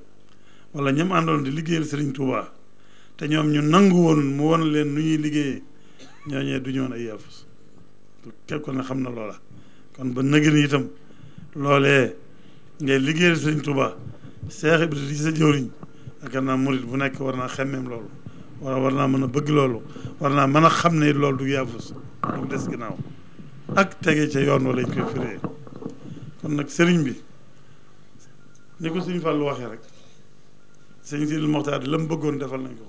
Speaker 7: wala ñam àndoon di liggéeyal Serigne Touba te ñoom ñu nangu woon mu won leen nu ñuy liggéeyee ñooñee du ñoon ay yaafus képp ko ne xam na loola kon ba nëgën itam loolee ngay liggéeyal Serigne Touba Seex bi di sa jëwriñ yaakaar naa murit bu nekk war naa xemmeem loolu wala war naa mën a bëgg loolu war naa mën a xam ne lool du yaafus du des ginnaaw ak tege ca yoon wala ñu koy firee kon nag sëriñ bi ni ko sëriñ Fallou waxee rek sëriñ Sidil Moxtaar la mu bëggoon defal nañ ko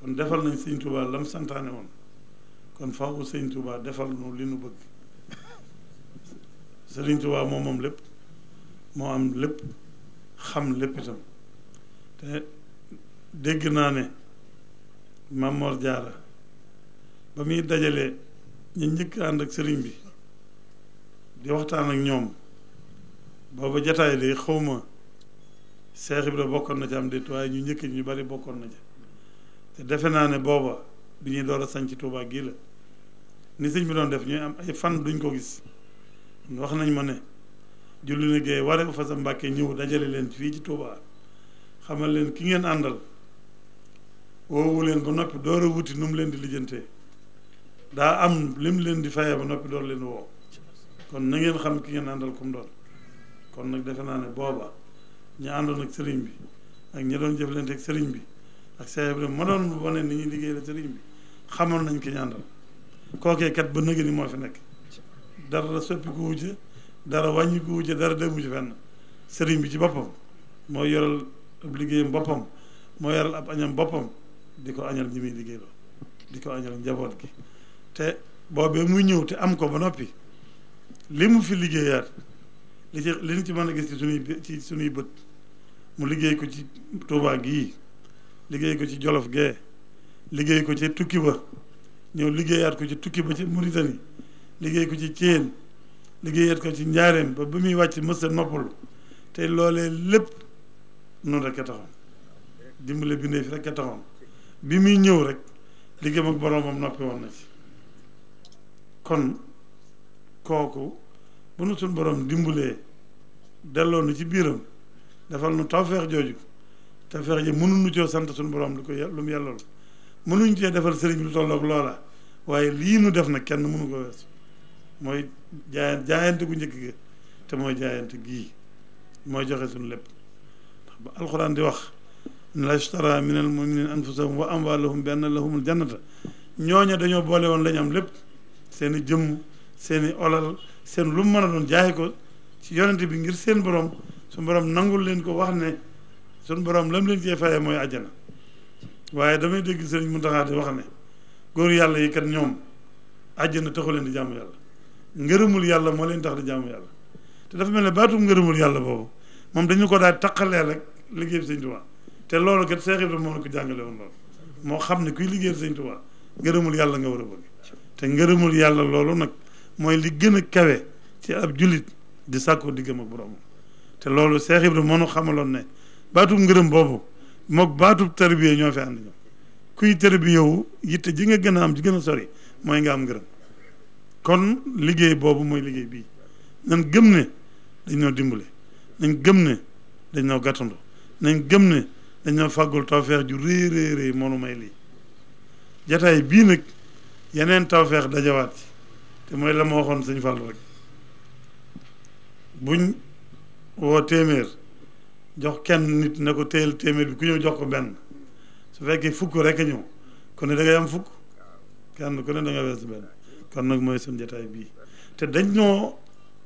Speaker 7: kon defal nañ sëriñ Touba la mu santaane woon kon faaw sëriñ Touba defal nu li nu bëgg sëriñ Touba moom moom lépp moo am lépp xam lépp itam te dégg naa ne Mamor Jaara ba muy dajalee ñu njëkk ànd ak sëriñ bi di waxtaan ak ñoom booba jataay li xawma bi Ibra bokkoon na ci am déet waaye ñu njëkk ñu bari bokkoon na ci te defe naa ne booba bi ñuy door a sañc Tuubaa gii la ni sëñ bi doon def ñuy am ay fan duñ ko gis wax nañ ma ne julli na géey ware fa sa Mbàkke ñëw dajale leen fii ci Tuubaa xamal leen ki ngeen àndal woowu leen ba noppi door a wuti nu leen di lijjantee daa am lim leen di fayee ba noppi door leen woo kon na ngeen xam ki ngeen àndal kum doon kon nag defe naa ne booba ñi àndoon ak sëriñ bi ak ñi doon jëflante ak sëriñ bi ak saa bi ma doon wane ni ñuy liggéey la sëriñ bi xamoon nañ ki ñu àndal kookee ba nëgë ni moo fi nekk dara soppi ku wujje dara wàññi ku wujje dara demu ci fenn sëriñ bi ci boppam moo yoral ab liggéeyam boppam moo yoral ab añam boppam di ko añal ñi muy liggéeyloo di ko añal njaboot gi te boobee muy ñëw te am ko ba noppi li mu fi liggéeyaat li ci li ñu ci mën a gis ci suñuy ci suñuy bët mu liggéey ko ci Tuubaa gii liggéey ko ci Jolof gee liggéey ko ci tukki ba ñëw liggéeyaat ko ci tukki ba ci Mauritanie liggéey ko ci Thiène liggéeyaat ko ci Njaareem ba ba muy wàcc mësa noppul te loolee lépp noonu rek a taxoon dimbale bindee fi rek taxoon bi muy ñëw rek liggéeyam ak boroomam noppi woon na ci kon kooku bu nu suñ borom dimbalee delloo nu ci biiram defal nu tawfeex jooju tawfeex ji mënuñu coo sant suñu boroom lu ko lu mu yellool mënuñ cee defal sëriñ bi lu tolloog loola waaye lii nu def nag kenn mënu ko weesu mooy jaayante jaayante gu njëkk gi te mooy jaayante gii mooy joxe suñu lépp ndax ba alxuraan di wax ne la ishtara min al muminina anfusahum wa amwalahum bi anna lahumul jannata ñooña dañoo boole woon lañ am lépp seen i seen i olal seen lu mu mën a doon jaay ko ci yonent bi ngir seen borom su borom nangul leen ko wax ne suñu borom lam leen cee fayee mooy àjjana waaye damay dégg sëriñ Mountakha di wax ne góor yàlla yi kat ñoom àjjana taxu leen di jaamu ngërëmul yàlla moo leen tax di jaamu yàlla te dafa mel ne baatum ngërëmul yàlla boobu moom dañu ko daal taqalee rek liggéeyam sëñ Tuubaa te loolu kat Seex Ibra moo ko jàngale woon loolu moo xam ne kuy liggéeyal sëñ Tuubaa ngërëmul yàlla nga war a bëgg te ngërëmul yàlla loolu nag mooy li gën a kawe ci ab jullit di sako diggam ak boroomam te loolu Seex Ibra mënu xamaloon ne baatub ngërëm boobu mook baatub tarbiya ñoo fi ànd ñoom kuy tarbiya wu yitte ji nga gën a am ji gën a sori mooy nga am ngërëm kon liggéey boobu mooy liggéey bii nañ gëm ne dañ noo dimbale nañ gëm ne dañ noo gàttandoo nañ gëm ne dañ fagul fàggul tawfeex ju réy réy réy moonu may lii jataay bii nag yeneen tawfeex dajawaat ci moy la ma waxoon seigne Fallou rek buñ wo témèr jox kenn nit nako téel témèr bi ku ñëw jox ko ben su fekkee fukk rek avez ñëw ne da ngay am fukk kenn ku ne da nga wees ben kon nak vous seen jataay vous té dañ ñoo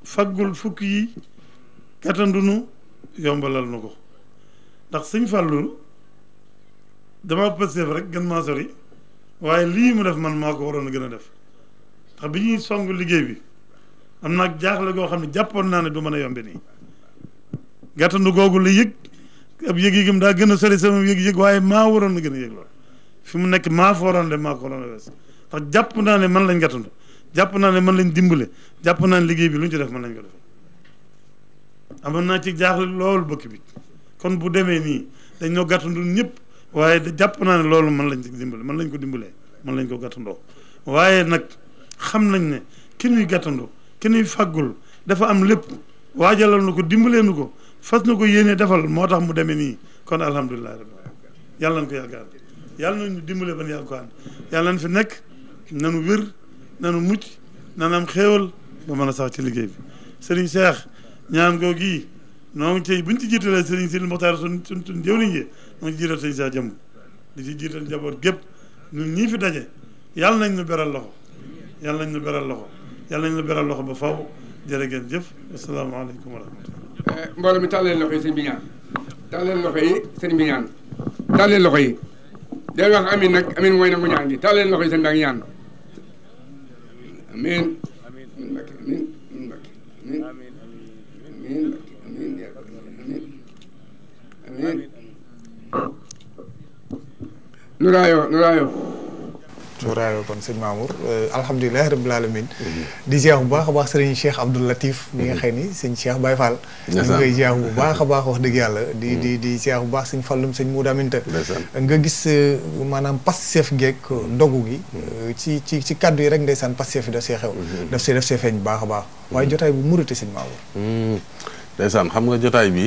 Speaker 7: faggul fukk yi katandunu yombalal na ndax seigne Fallou dama passé rek gën vous sori waye vous mu def man mako ko gëna def ndax bi ñuy song liggéey bi am na jaaxle goo xam ne jàppoon naa ne du mën a yombe nii gàttandu googu la yëg ab yëg-yëgam daa gën a sori sama yëg-yëg waaye maa waroon na gën a yëg lool fi mu nekk maa fooroon de maa ko waroon a wees ndax jàpp naa ne man lañ gàttandu jàpp naa ne man lañ dimbale jàpp liggéey bi lu ci def man lañ ko naa ci jaaxle loolu bëkk bi kon bu demee nii dañ ñoo gàttandu ñëpp waaye jàpp naa ne loolu man lañ ci dimbale man lañ ko dimbalee man lañ ko gàttandoo waaye nag xam nañ ne ki nuy gàttandoo ki yu fàggul dafa am lépp waajalal nu ko dimbalee nu ko fas na ko yéene defal moo tax mu demee nii kon alhamdulilah yàlla nañ ko yaakaar yàlla nañu dimbale ban yàlla ko ànd yàlla nañ fi nekk nanu wér nanu mucc nanu am xéewal ba mën a sax ci liggéey bi sëriñ Cheikh ñaan googu yi noo ngi cay ci jiitalee sëriñ Sidi Moxtaar sun sun sun jëwriñ ji noo ngi ci jiital sëriñ Cheikh jëmm di ci jiital njaboot gépp ñun ñii fi daje yàlla nañ nu beral loxo يلا نبرا بيرال لوخو يلا نبرا بيرال لوخو با فاو جيرجن جيف السلام عليكم ورحمه الله مبارك تعالى لوخي سي بيان تعالى لوخي سي بيان تعالى لوخي
Speaker 8: دي واخ امين نك امين موي نك نياندي تعالى لوخي سي نك نيان امين
Speaker 2: نرايو نرايو suuraale kon sëñ Mamour euh, alhamdulilah rabbil alamin di ziar bu baax a baax sëriñ Cheikh Abdoul Latif mi nga xëy ni sëñ Cheikh Baye Fall ñu ngi koy bu baax a baax wax dëgg yàlla di di di ziar bu baax sëñ Fallum sëñ Mouda Aminta nga gis euh, maanaam Pastef geeg dogu gi euh, ci ci ci kaddu yi rek ndeysaan Pastef yi daf see xew mm-hmm. daf see daf see feeñ bu baax a baax waaye mm-hmm. jotaay bu murite sëñ Mamour
Speaker 3: mm-hmm. ndeysaan xam nga jotaay bi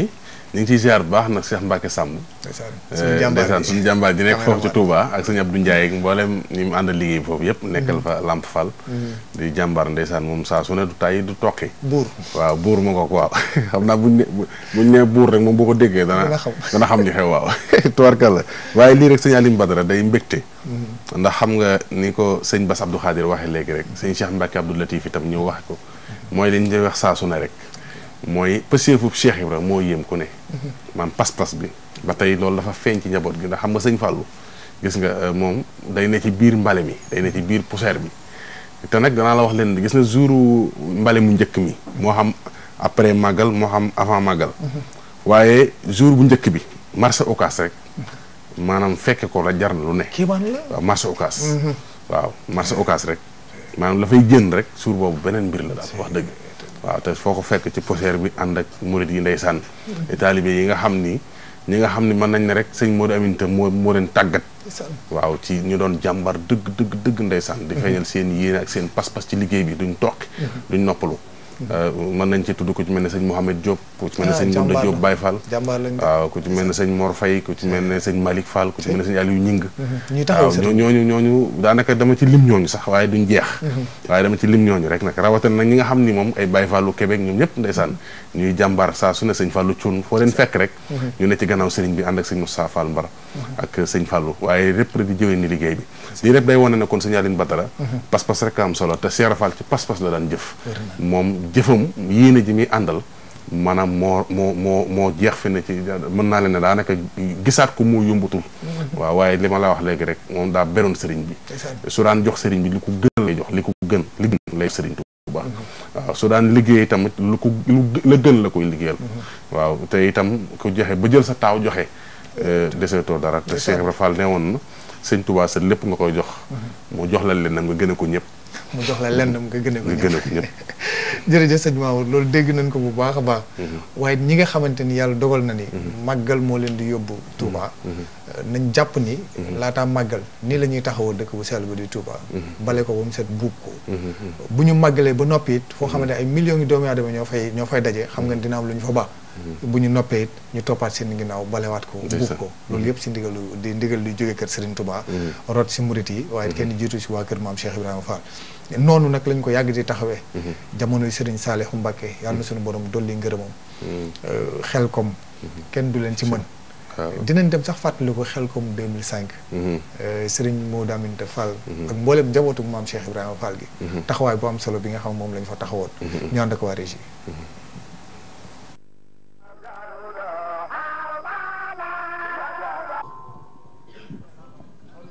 Speaker 3: ñu ngi ciy ziar bu baax nag Cheikh Mbacke Samb. ndeysaan eh, suñu jàmbaar di nekk foofu ci Touba ak sëñ Abdou Ndiaye ak mboolem ñi mu àndal liggéey foofu yëpp mhm. nekkal fa Lamp fal mhm. di jàmbaar ndeysaan moom saa su ne du tàyyi du tokki buur waaw buur ma ko waaw xam naa buñ ne buñ ne buur rek moom boo ko déggee dana dana xam ñu xew waaw tuwarka la waaye lii rek sëñ Alim Badara day mbégte mhm. ndax xam nga ni ko sëñ Bass Abdou Khadir waxee léegi rek sëñ Cheikh Mbacke Abdou Latif tam ñu wax ko mooy liñ day wax saa rek mooy pëseefub Cheikh ibrahim mo yem ku ne man pass pass bi batay lolou dafa feeñ ci njabot gi ndax xam nga seigne Fallou gis nga euh, mom day ne ci bir mbale mi day ne ci bir pousser bi te nak dana la wax len gis na jouru mbale mu njëkk mi mo xam après magal mo xam avant magal waye jour bu njëkk bi marché rek manam fekke ko la jar lu ne la marché Ocass mhm. waaw marché Ocass rek la fay rek bobu benen bir la wax deug waaw te foo ko fekk ci poseer bi ànd ak murit yi ndeysaan mm-hmm. taalibe yi nga xam ni ñi nga xam ne mën nañ ne rek sëñ Modou Aminta moo moo leen tàggat waaw ci ñu doon jàmbar dëgg dëgg dëgg ndeysaan di mm-hmm. feeñal seen yéen ak seen pas-pas ci liggéey bi duñ toq mm-hmm. duñ noppalu Euh, mën nañ ci tudd ku ci mel ne sëñ Mouhamed Diop ku ci mel ne ah, sëñ Mounda Diop Baye Fall waaw ah, ku ci mel ne sëñ Mor Faye ku ci mel ne sëñ Malick Fall ku ci mel ne sëñ Aliou Ñing
Speaker 4: mhm. waaw ñooñu
Speaker 3: ñooñu daanaka dama ci lim ñooñu sax waaye duñ jeex mhm. waaye dama ci lim ñooñu rek nag rawatina nag ñi nga xam ni moom ay bay Fallu Québec ñoom ñëpp ndeysaan ñuy jàmbaar saa su ne sëñ Fallu Cuun foo leen fekk rek mhm. ñu ne ci gannaaw sëriñ bi ànd ak sëñ Moussa Fall Mbara ak sëñ Fallu waaye répp di jëwee ni liggéey bi lii rek day wane ne kon sëñ Alioune Badara pas-pas rek am solo te Cheikh Fall ci pas la daan jëf moom jëfam yéene ji muy àndal maanaam moo moo moo moo jeex fi ne ci mën naa leen ne daanaka gisaat ko moo yombatul. waaw waaye li ma la wax léegi rek moom daa beroon sëriñ bi su daan jox sëriñ bi li ko gën lay jox li ko gën li gën lay sëriñ Tuubaa waaw su daan liggéey tamit lu ko lu la gën la koy liggéeyal mm-hmm. waaw te itam ku joxe ba jël sa taaw joxe deseetoo dara te Cheikh ne woon sëñ tubaa sa lépp nga koy jox. Mhm. mu jox la lennam nga gën a ko ñëpp. mu jox la lennam
Speaker 2: nga gën a ko ñëpp nga gën a ko sëñ Mamour loolu dégg nañ ko bu baax a baax. Mhm. waaye ñi nga xamante ni yàlla dogal na ni. Mhm. màggal moo leen di yóbbu. Touba euh, nañ jàpp ni. laataa màggal nii la ñuy taxawoo dëkk bu sell ba di Touba. bale ko ba mu set buub ko. bu ñu màggalee ba noppi it foo xamante ay millions yi doomu aadama ñoo fay ñoo fay daje xam nga dina am lu ñu fa baax. bu ñu noppee it ñu toppaat seen ginnaaw balewaat ko buub ko loolu yëpp si ndigalu di ndigal luy jógee kër Serigne Touba mm-hmm. root si murit yi waaye mm-hmm. kenn jiitu si waa kër maam Cheikh Ibrahima Fall noonu nag lañ ko yàgg di taxawee mm-hmm. jamonoy Serigne Saliou Mbacké yàlla na suñu borom dolli ngërëmam euh, xel kom kenn du leen ci mën dinañ dem sax fàttaliku xel kom 2005.
Speaker 4: Euh,
Speaker 2: Serigne Modou Aminta Fall. ak mboolem njabootu maam Cheikh Ibrahima Fall gi. taxawaay bu am solo bi nga xam moom lañ fa taxawoon. ñu ànd ak waa régie.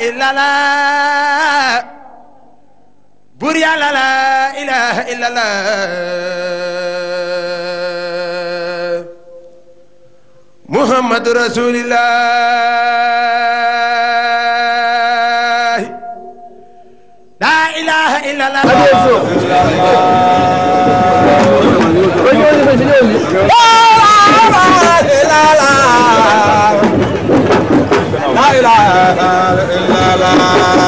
Speaker 9: إلا لا بور لا لا إله إلا لا محمد رسول الله لا إله إلا الله لا
Speaker 4: إله إلا الله la la la la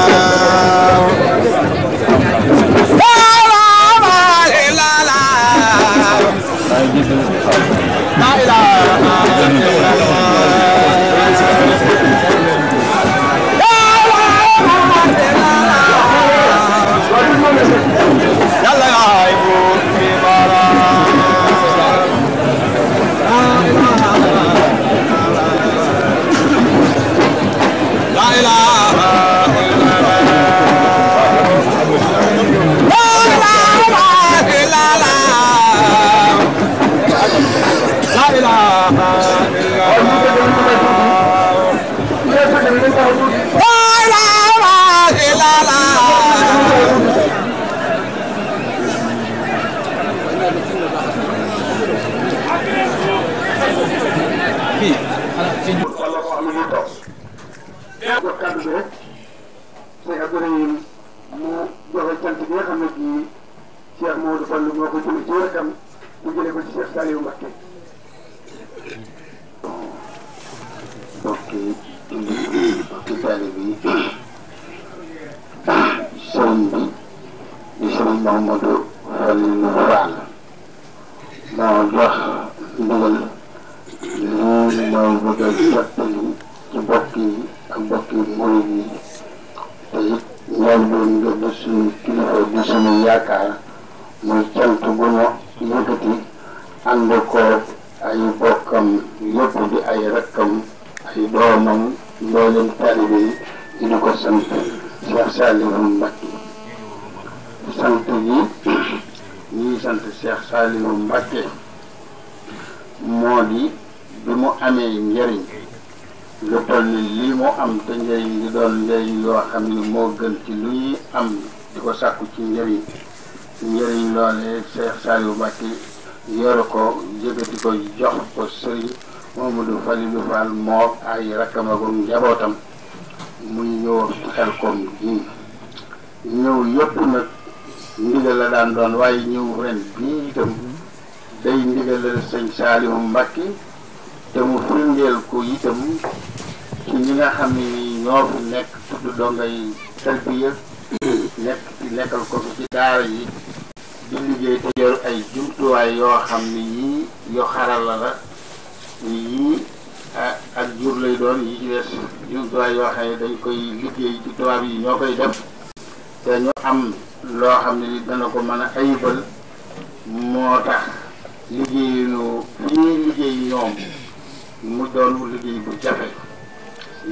Speaker 4: mu liggéey bu jafe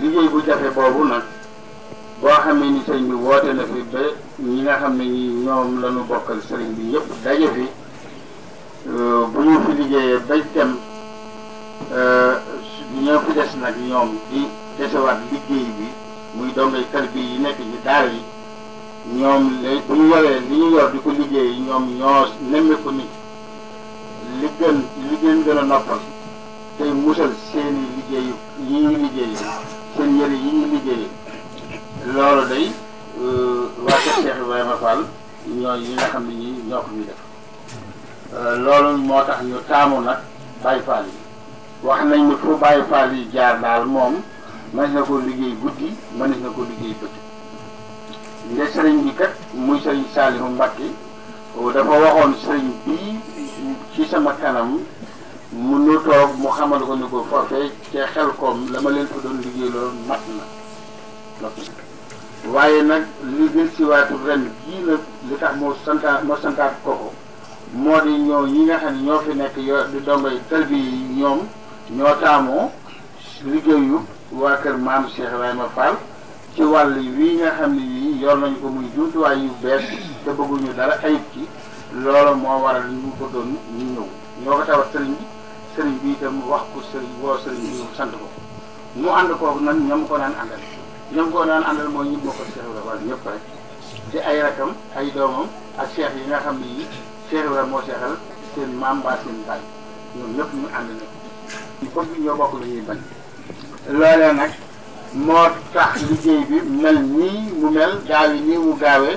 Speaker 4: liggéey bu jafe boobu na boo xamee ni sëñ bi woote na
Speaker 8: fi ba ñi nga xam ne ñi ñoom la ñu bokkal sëriñ bi yëpp daje fi euh, bu ñu fi liggéeyee ba dem euh, ñoo fi des nag ñoom di desewaat liggéey bi muy dongay tarbiya yi nekk ci daara yi ñoom léegi bu ñu yoree li ñu yor di ko liggéey ñoom ñoo nemmeeku ni li gën li gën noppal tey musal seen liggéey yi liggéey seen yëre yi liggéey loolu day euh, waa Kër Cheikh Ibrahima yi nga xam ne ñii ñoo ko ñu euh, moo tax ñu taamu nag Baye Fall yi wax nañ ne fu Baye Fall yi jaar daal moom mënees na ko liggéey guddi mënees na ko liggéey bëccëg nde sëriñ bi kat muy sëriñ Saliou Mbacké dafa waxoon sëriñ bi ci sama kanam mu nu toog mu xamal ko ni ko foofee ca xel koom la ma leen ko doon liggéey loolu mat na waaye nag li gën si waatu ren jii nag li tax moo santaat moo santaat koko moo di ñoo xam ne ñoo fi nekk yoo di dongoy talbi ñoom ñoo taamoo liggéeyu waa kër maam Cheikh Ibrahima Fall ci wàll wii nga xam ne yii yor nañu ko muy jumtuwaay yu bees te bëgguñu dara ayib ci loolu moo waral ñu ko doon ñu ñëw ñoo ko tawat sëriñ sëriñ bi itam wax ko sëriñ woo sëriñ bi sant ko mu ànd kooku nan ñoom ko naan àndal ñoom ko naan àndal mooy ñu bokk ak Cheikh Ibrahima rek di ay rakam ay doomam ak cheikh yi nga xam ne yii Cheikh Ibrahima moo seexal seen maam mbaa seen baay ñoom ñëpp ñu ànd nag moo tax liggéey bi mel nii mu mel gaawi nii mu gaawee.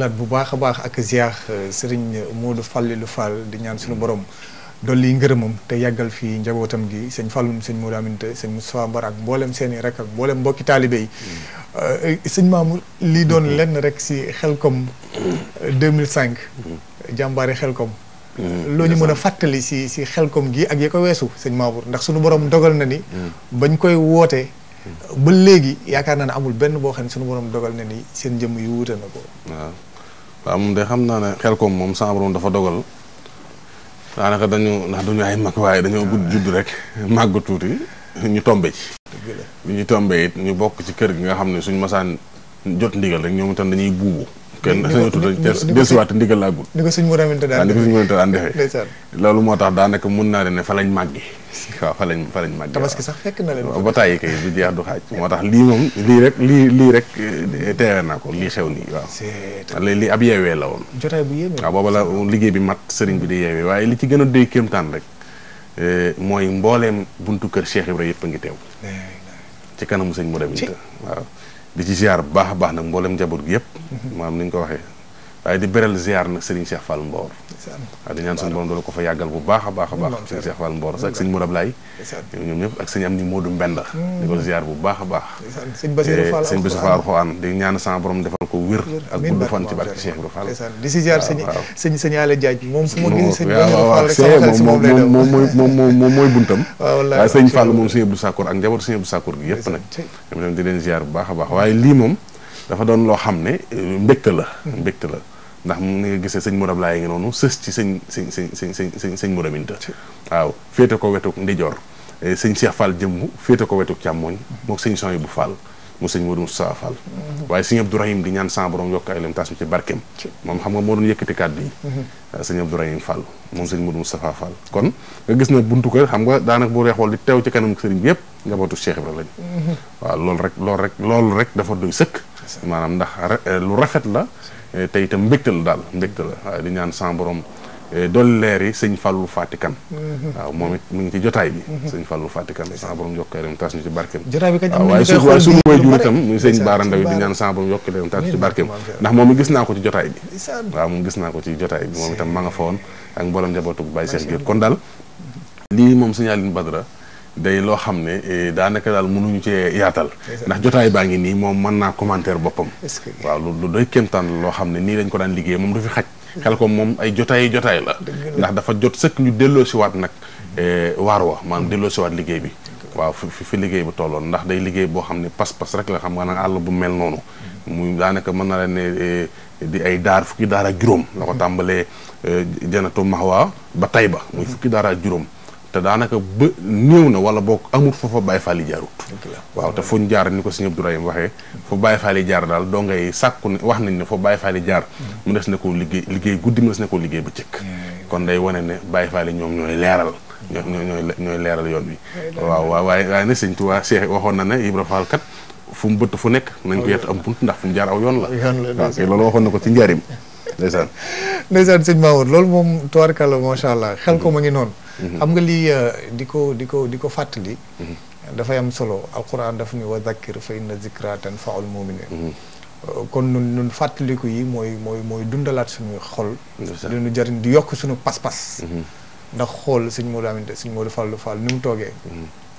Speaker 2: ñaanalaat bu baax a baax ak ziar euh, sëriñ Modou Fallilu Fall di ñaan suñu borom dool dolli ngërëmam te yàggal fii njabootam gi sëñ Falloum sëñ Modou Aminta sëñ Moustapha Mbar ak mboolem seeni i rek ak mbokki taalibe yi euh, euh, sëñ Mamour lii doon lenn rek si Xelkom 2005 jàmbaari Xelkom
Speaker 4: mm-hmm. loo ñu mën a
Speaker 2: fàttali si si Xelkom gi ak ya ko weesu sëñ Mamour ndax suñu borom dogal na ni
Speaker 4: mm-hmm.
Speaker 2: bañ koy wootee mm-hmm. ba léegi yaakaar naa ne amul benn boo xam ne suñu borom dogal na ni seen jëmm yu wuute na ko
Speaker 3: waaw moom de xam naa ne xel koom moom sa dafa dogal daanaka dañu ndax duñu ay mag waaye dañoo gudd ah. judd rek màgg tuuti ñu tombe ci bi ñu tombe it ñu bokk ci kër gi nga xam ne suñ masaan jot ndigal rek ñoom itam dañuy buubu kenn suñu tudd dellusiwaat ndigal laagul ni ko suñ loolu moo tax daanaka mun naa ne ne fa lañ màggi waaw fa lañ fa lañ màggi tabaski sax fekk na ba tàyyi kay du jeex du xaaj moo tax lii moom lii rek lii lii rek eh, teewee naa ko lii xew nii waaw lii ab yeewee la woon bu yéeme waaw booba la liggéey bi mat sëriñ bi di yeewee waaye li ci gën a doy kéemtaan rek eh, mooy mbooleem buntu kër Cheikh Ibra yëpp a ngi teew ci kanamu sëñ mu ramante waaw di ci ziar bu baax a baax nag mboolem njaboot gi yëpp. Mhm. maam ni ñu ko waxee waaye di beral ziar nak Serigne Cheikh Fall Mbor waaw di ñaan suñu borom doolu ko fa yagal bu baaxa baaxa baax Serigne Cheikh Fall Mbor ak Serigne mourab lay ñoom ñep ak Serigne Amdi Modou Mbenda di ko hmm. ziar bu baaxa baax
Speaker 2: serigne a eh, fall Serigne Bassirou
Speaker 3: Fall di ñaan sa borom defal ko wér ak bu fan ci barke Cheikh Fall di ci ziar serigne
Speaker 2: serigne sëñ Alé Diagne moom fu ma gis sëñ Fall rek sama mom mom mom
Speaker 3: mom moom mooy moom buntam serigne Fall mom serigne Abdou Sakour ak njabootu serigne Abdou Sakour gi yep nak ñoom di len ziar bu baaxa baax waye li mom dafa doon loo xam ne euh, mbégte la mbégte la ndax ni nga gisee sëñ Mourab laay ngi noonu sës ci sëñ sëñ sëñ sëñ sëñ sëñ sëñ Mourabinta waaw féete ko wetuk ndijoor euh, sëñ Cheikh Fall jëmmu féete ko wetuk càmmoñ moog sëñ son bu Fall mu sëñ Mourou Moussa Fall mhm. waaye sëñ Abdourahim di ñaan sa borom yokk ay lem taas ci barkem moom xam nga moo doon yëkkati kàddu yi mhm. euh, sëñ Abdourahim Fall moom sëñ Mourou Moustapha Fall kon nga gis na buntu kër xam nga daanaka bu dee xool di teew ci kanam sëriñ bi yëpp njabootu Cheikh Ibrahim lañ mhm. waaw loolu rek loolu rek loolu rek dafa doy sëkk maanaam ndax eh, lu rafet la tey tam mbégte la daal mbégte la di ñaan sans borom eh, dool leer yi sëñ Fallou Fatikan mm-hmm. waaw moom it mu ngi ci jotaay bi mm-hmm. sëñ Fallou Fatikan sans borom yokk leeram tas ñu ci barkeem waaye su waaye suñu mooy jur itam muy sëñ Baara Ndaw di ñaan sans borom yokk leeram tas ñu ci barkeem ndax moom it gis naa ko ci jotaay bi waaw moom gis naa ko ci jotaay bi moom itam ma nga fa woon ak mboolem njabootu Baye Cheikh Gueye kon daal lii moom signalé Badara day loo xam ne eh, daanaka daal mënuñu cee yaatal ndax jotaay baa ngi nii moom mën naa commentaire boppam waaw lu doy kéemtaan loo xam ne nii lañ ko daan liggéey moom du fi xaj hmm. xel ko moom ay jotaay jotaay la ndax dafa jot sëkk ñu delloo si nag eh, waar wa maanaam hmm. delloo si waat liggéey bi waaw fi fi liggéey bi tolloon ndax day liggéey boo xam ne pas-pas rek la xam nga nag àll bu mel noonu hmm. muy daanaka mën na leen ne eh, di ay daar fukki daar ak juróom la ko tàmbalee janatu maxwa ba tay ba muy fukki daar ak juróom te daanaka ba néew na wala boog amul foofa Baye Fall yi jaarut waaw te fuñ jaar ni ko sëñ Abdourahim waxee fa Baye Fall yi jaar daal doo ngay sàkku ne wax nañ ne fa Baye Fall jaar mu na koo liggéey liggéey guddi mu na koo liggéey ba cëkk kon day wane ne Baye Fall yi ñoom ñooy leeral ñoo ñooy ñooy leeral yoon bi waaw waaye waaye ne sëñ Tuubaa Cheikh waxoon na ne Ibra Fall kat fu mu bëtt fu nekk nañ ko yett am punt ndax fu mu jaar aw yoon la waaw kay loolu waxoon na ko ci njaarim ndeysaan
Speaker 2: ndeysaan sëñ Mamour loolu moom tubaarkàlla macha allah xel ko ma ngi noonu Mm-hmm. xam nga lii euh, di ko di ko di ko fàttali. Mm-hmm. dafay am solo alquran daf ni wa zakkir fa inna zikra tanfaul muminin mm-hmm. euh, kon nun fàttaliku yi mooy mooy mooy dundalaat suñu xol dinu jëriñ di yokk suñu pas-pas ndax xool suñ Moodu Aminte suñ Moodu Fallu Fall ni mu toogee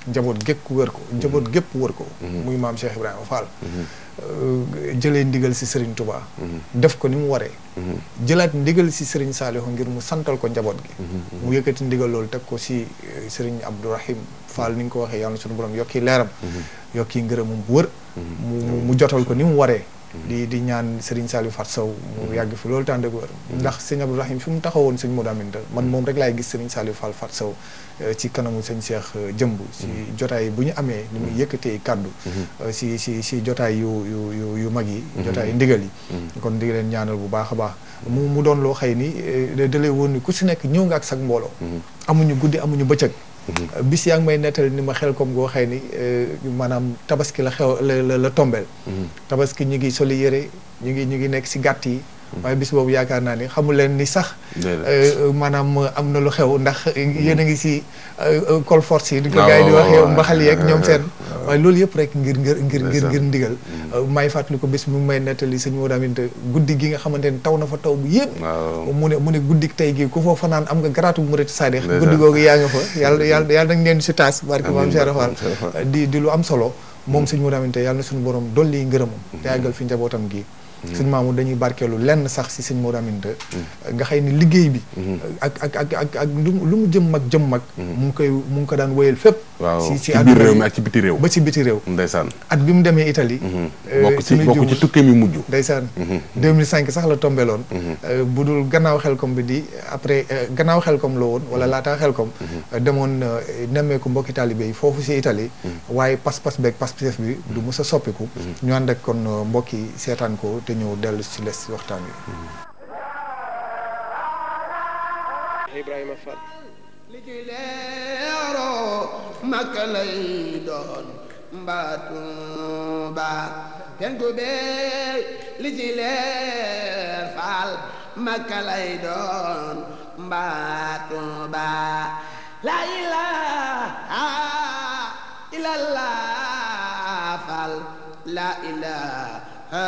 Speaker 2: njaboot gépp wër ko njaboot gépp wër ko muy maam Cheikh Ibrahima Fall Euh, jëlee ndigal si Serigne tubaa mm-hmm. def ko ni mu waree. Mm-hmm. jëlaat ndigal si Serigne Saliou ngir mu santal ko njaboot gi. Mm-hmm. mu yëkkati ndigal loolu teg ko si euh, Serigne Abdourahim Fall ni nga ko waxee yàlla sunu borom yokki leeram. yokki ngërëmam bu wër. mu mu jotal ko ni mu waree. di di ñaan Serigne Saliou Fat Sow mu yàgg fi loolu tànn ak wër. ndax Serigne Abdourahim fi mu taxawoon Serigne Modou Aminta man moom rek laay gis Serigne Saliou Fall Fat Sow. ci eh, kanamu sëñ Cheikh eh, jëmb si mm-hmm. jorai bu ame, ni muy mm-hmm. yëkkatee kàddu mm-hmm. eh, si si si jotaay yu yu yu yu mag yi jotaay yu ndigal yi kon di leen ñaanal bu baax a baax mu mu doon loo xëy ni woon ni ku si nekk ñëw nga ak sag amuñu guddi amuñu bëccëg bis yaa may nettali ni ma xel kom goo xëy tabaski la xew la tabaski ñu ngi soli yére ñu ngi ngi nekk waaye bis boobu yaakaar naa ni xamu leen ni sax. Euh, euh, maanaam euh, am na lu xew ndax yéen a ngi si col force yi. di ko ah, gars yi di wax yow mbaxal yeeg ñoom seen. waaye loolu yëpp rek ngir ngir ngir ngir ngir ndigal. Mm. may fàttali ko bis mu may nettali sëñ ñu Aminta guddi gi nga xamante ni taw na fa taw bu yëpp. mu ne mu ne guddi tey gi ku foofa naan am nga garaatu murit saadix. guddi googu yaa nga fa yàlla yàlla yàlla nañ leen si taas. barke di di lu am solo. moom mm. sëñ Maodo Aminta yàlla na suñu borom dolli ngërëmam. te mm. àggal fi njabootam gii sëñ maamu dañuy barkeelu lenn sax si sëñ Maodo Aminta
Speaker 4: mm.
Speaker 2: nga xëy ni liggéey bi mm-hmm. ak ak ak ak ak lu lu mu jëm mag jëm mag mm-hmm. mu ngi koy mu ngi ko daan wéyal fépp
Speaker 3: si si biir réew mi ci biti réew ba ci biti réew ndeysaan at bi mu demee itali mm-hmm. euh, bokk ci bokk ci tukkeem yu mujj
Speaker 2: ndeysaan 2005 sax la tombeeloon euh, bu dul gannaaw xel xelkom bi di après euh, gannaaw xel xelkom la woon wala laataa xelkom demoon nemmeeku mbokki taalibe yi foofu si itali waaye pas-pas beeg pas-pas bi du mos a soppiku ñu ànd ak kon mbokki seetaan ko te ñëw dellu si les si waxtaan wi.
Speaker 10: Ibrahima Fall. li ci leeroo Makka lay doon mbaatu ba penku bee li ci leer Fall Makka lay doon mbaatu ba la ilaha illallah Fall la ilaha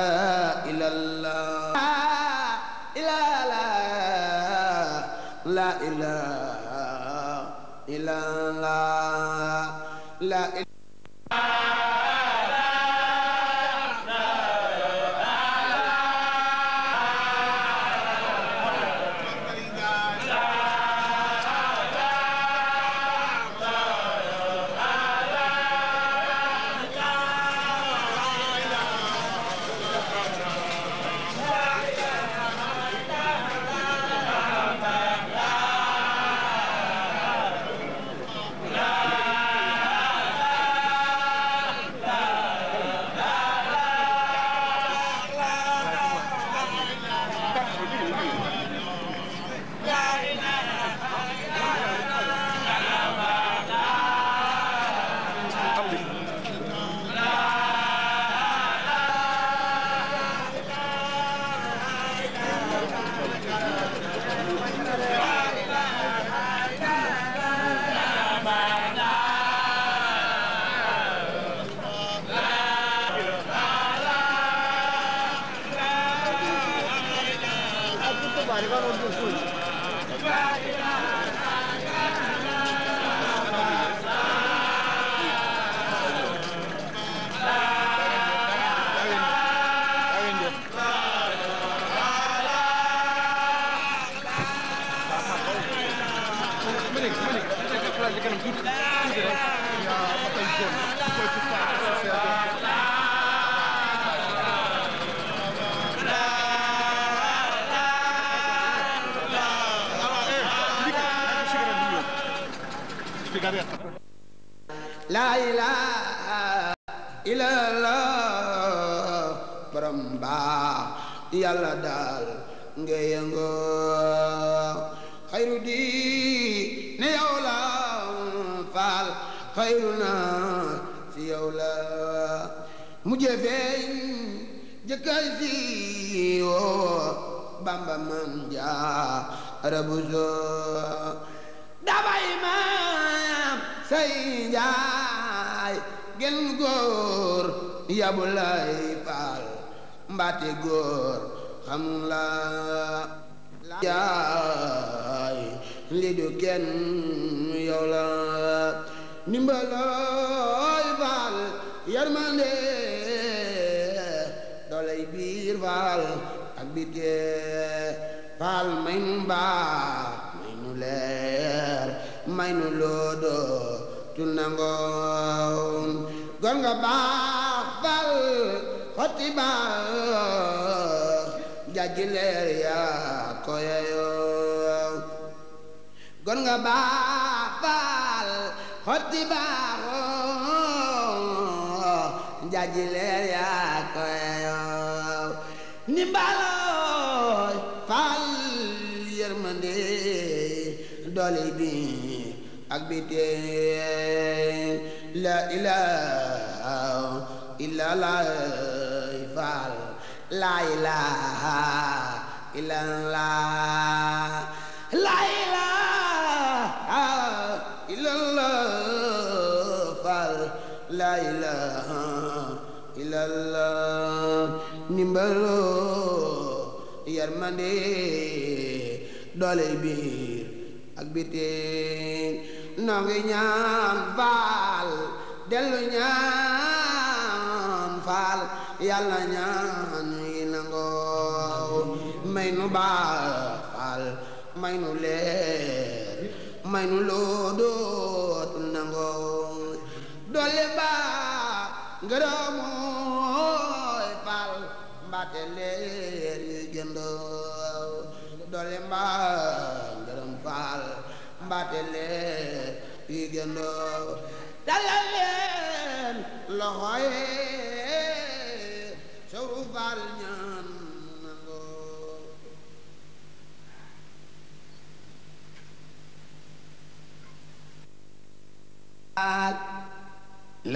Speaker 10: sigaretta la ilaha illallah borom baax daal nga yëngoo di ne yow la faal xayru na fi yow la mujjee feeñ jëkkay bamba man jaa rabu say njaay gën góor yabu lay faal góor xam la jaay li du kenn yow la ndimbalooy faal yërmande doolay biir faal ak bitte faal may nu leer may nu tunangoon gor nga baax bal xotti baax jàjji yaa ko yeyoo gor nga baax bal yaa ko ni balooy fal yërmande doole bi ak biteen la la faal la ilaha illa la la
Speaker 1: ilaha
Speaker 10: illa la faal la ilaha illa noo ngi ñaan faal dellu ñaan faal yàlla ñaan yi nangoo may baal faal may leer may nu nangoo doole baal ngërëmooy faal mbaate leer yu jëndoo doole baal ngërëm faal mbaate leer digandoo dalal leen loxo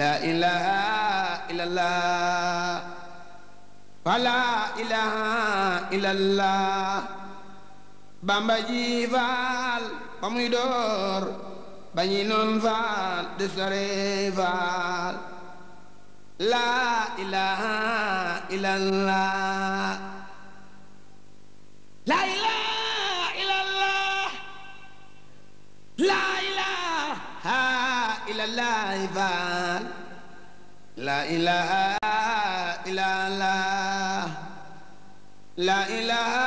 Speaker 10: la ilaha illallah fala ilaha bañi noon faal di sore faal laa ilaha illallah laa ilaha
Speaker 1: illallah
Speaker 10: laa ilaha illallah faal laa ilaha illallah laa ilaha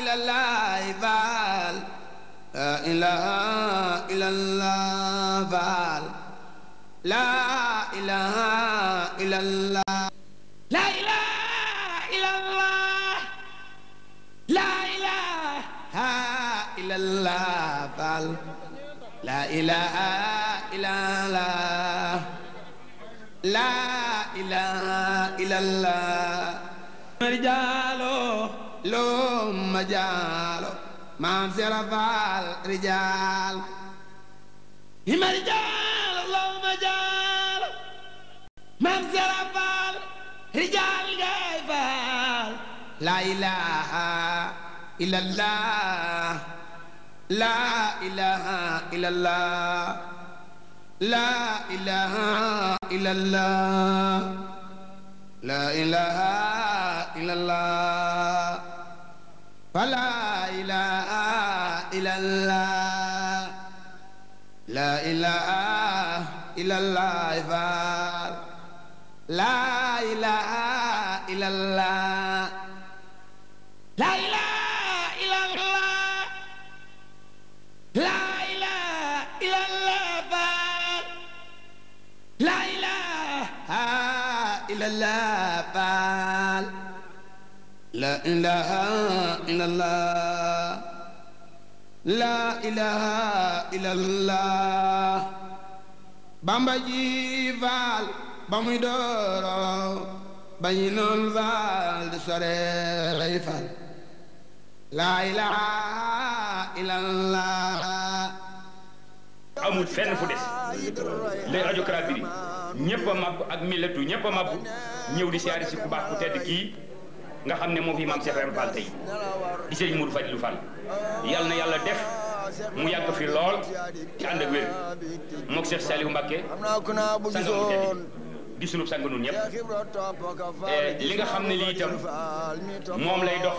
Speaker 10: illallah faal laa ilaha illallah كلا لا إله
Speaker 1: إلا الله
Speaker 10: لا إله إلا الله لا إله إلا الله لا إله إلا الله رجاله لو مجاله ما سرفال رجال هم رجال jara
Speaker 1: baal rijaal ngay baal
Speaker 10: laa ilaaha illallah laa ilaaha illallah laa ilaaha illallah laa ilaaha illallah falaa ilaaha illallah laa ilaaha illallah laa ilaaha illallah laa
Speaker 1: baal
Speaker 10: laa ilaaha illallah baal ba muy dooroo bañi noon faal di sorey faal laa ilaaha illallah amul fenn fu des les rajo Carabiri ñëpp a màbb ak milletu ñëpp a màbb
Speaker 8: ñëw di siyaari si ku baax ku tedd kii nga xam ne moo fi maam Cheikh Ibrahima Fall tey di sëñ Mourou Fadilou Fall yal na yàlla def mu yàgg fi lool ci ànd ak wér moog Cheikh Saliou Mbacké
Speaker 10: sangam mu tedd
Speaker 8: di sunu sang nun ñëpp
Speaker 10: eh, li nga xam ne lii itam moom lay dox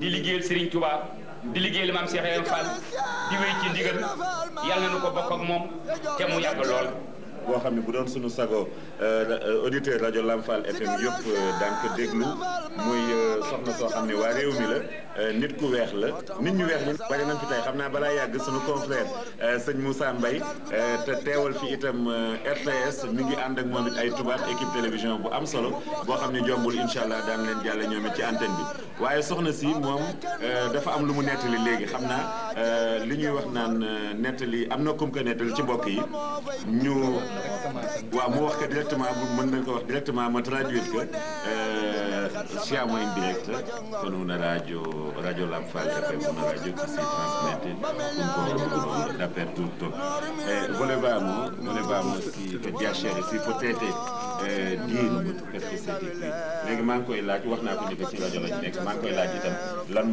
Speaker 10: di liggéeyal
Speaker 8: Serigne Touba di liggéeyal maam Cheikh Ibrahima Fall di wéy ci ndigal yàlla na nu ko bokk
Speaker 4: moom
Speaker 11: te mu yàgg lool. boo xam ne bu doon suñu sago euh, auditeur rajo Lamfal FM yëpp euh, daan ko déglu muy euh, soxna soo xam ne waa réew mi la. Euh, nit ku weex la nit ñu weex ñi bari nañ fi tey xam naa balaa yàgg suñu confrère euh, sëñ Moussa Mbaye euh, te teewal fi itam RTS mi ngi ànd ak moom ay tubaab équipe télévision bu am solo boo xam ne jombul incha allah daan leen jàlle ñoom ci antenne bi waaye soxna si moom dafa am lu mu nettali léegi xam naa li ñuy wax naan nettali am na kum ko nettali ci mbokk yi ñu waaw mu wax ko directement bu mën nañ ko wax directement ma traduire ko siamo in diretta radio Radio Lamfasia è una radio che si trasmette un po' dappertutto. Eh, volevamo, volevamo sì, che piacere, se potete eh, dirmi perché siete qui. Léegi maa ngi koy laaj wax naa ko ni ko ci rajo la ñu nekk maa ngi koy laaj itam lan